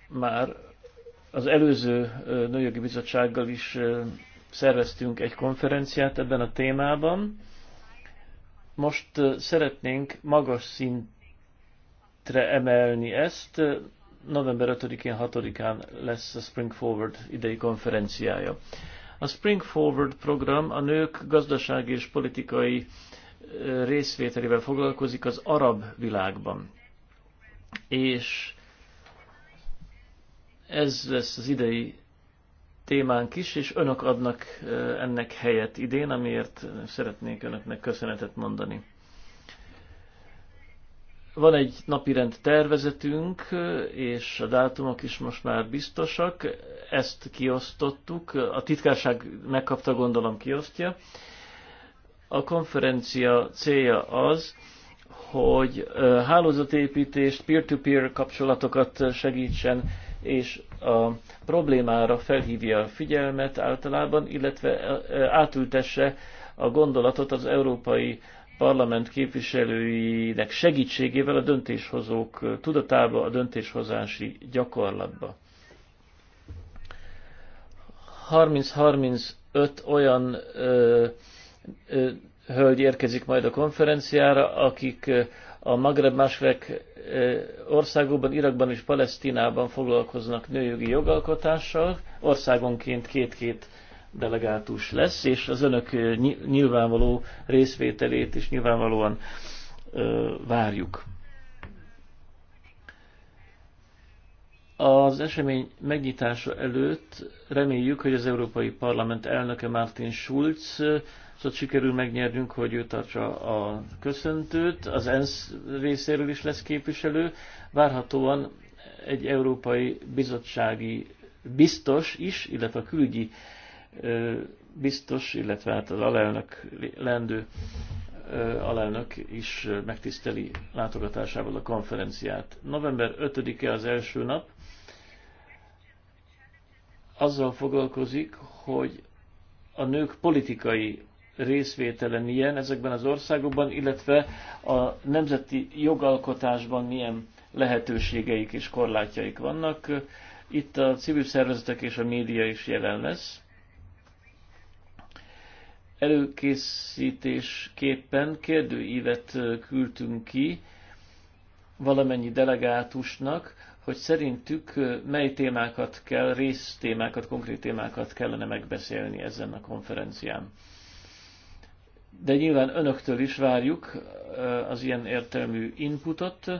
Speaker 2: már az előző Nőjogi Bizottsággal is szerveztünk egy konferenciát ebben a témában. Most szeretnénk magas szintre emelni ezt. November 5-én, 6-án lesz a Spring Forward idei konferenciája. A Spring Forward program a nők gazdasági és politikai részvételével foglalkozik az arab világban. És ez lesz az idei témánk is, és önök adnak ennek helyet idén, amiért szeretnék önöknek köszönetet mondani. Van egy napirend tervezetünk, és a dátumok is most már biztosak ezt kiosztottuk, a titkárság megkapta, gondolom kiosztja. A konferencia célja az, hogy hálózatépítést, peer-to-peer -peer kapcsolatokat segítsen, és a problémára felhívja a figyelmet általában, illetve átültesse a gondolatot az európai parlament képviselőinek segítségével a döntéshozók tudatába, a döntéshozási gyakorlatba. 30-35 olyan ö, ö, hölgy érkezik majd a konferenciára, akik a Magreb másrek országokban, Irakban és Palesztinában foglalkoznak nőjogi jogalkotással. Országonként két-két delegátus lesz, és az önök nyilvánvaló részvételét is nyilvánvalóan várjuk. Az esemény megnyitása előtt reméljük, hogy az Európai Parlament elnöke Martin Schulz szóval sikerül megnyernünk, hogy ő tartsa a köszöntőt. Az ENSZ részéről is lesz képviselő. Várhatóan egy európai bizottsági biztos is, illetve a külügyi biztos, illetve hát az alelnök, lendő alelnök is megtiszteli látogatásával a konferenciát. November 5-e az első nap, azzal foglalkozik, hogy a nők politikai részvétele milyen ezekben az országokban, illetve a nemzeti jogalkotásban milyen lehetőségeik és korlátjaik vannak. Itt a civil szervezetek és a média is jelen lesz. Előkészítésképpen kérdőívet küldtünk ki valamennyi delegátusnak, hogy szerintük mely témákat kell, résztémákat, konkrét témákat kellene megbeszélni ezen a konferencián. De nyilván önöktől is várjuk az ilyen értelmű inputot,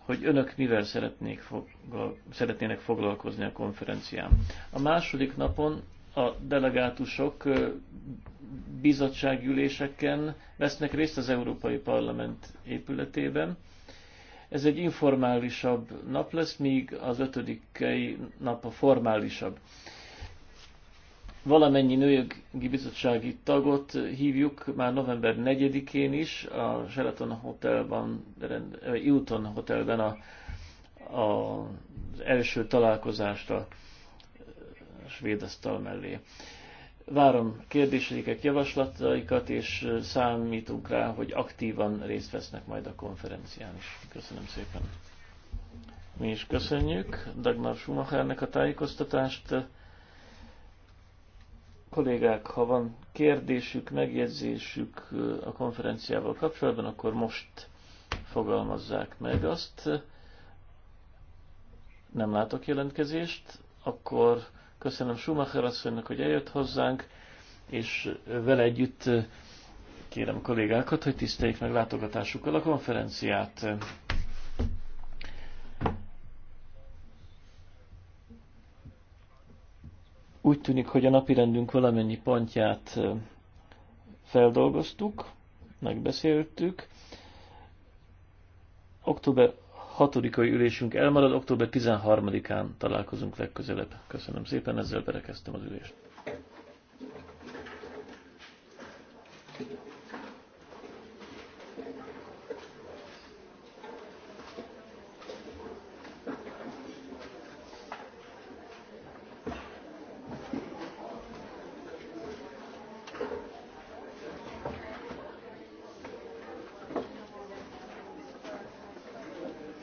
Speaker 2: hogy önök mivel szeretnék foglal, szeretnének foglalkozni a konferencián. A második napon a delegátusok bizottsággyűléseken vesznek részt az Európai Parlament épületében, ez egy informálisabb nap lesz, míg az ötödikei nap a formálisabb. Valamennyi nőjogi bizottsági tagot hívjuk már november 4-én is a Sheraton Hotelban, Hilton Hotelben a, a, az első találkozást a svédasztal mellé. Várom kérdéseiket, javaslataikat, és számítunk rá, hogy aktívan részt vesznek majd a konferencián is. Köszönöm szépen. Mi is köszönjük Dagmar Schumachernek a tájékoztatást. Kollégák, ha van kérdésük, megjegyzésük a konferenciával kapcsolatban, akkor most fogalmazzák meg azt. Nem látok jelentkezést, akkor Köszönöm Schumacher asszonynak, hogy eljött hozzánk, és vele együtt eh, kérem kollégákat, hogy tiszteljék meg látogatásukkal a konferenciát. Úgy tűnik, hogy a napirendünk valamennyi pontját eh, feldolgoztuk, megbeszéltük. Október hatodikai ülésünk elmarad, október 13-án találkozunk legközelebb. Köszönöm szépen, ezzel berekeztem az ülést.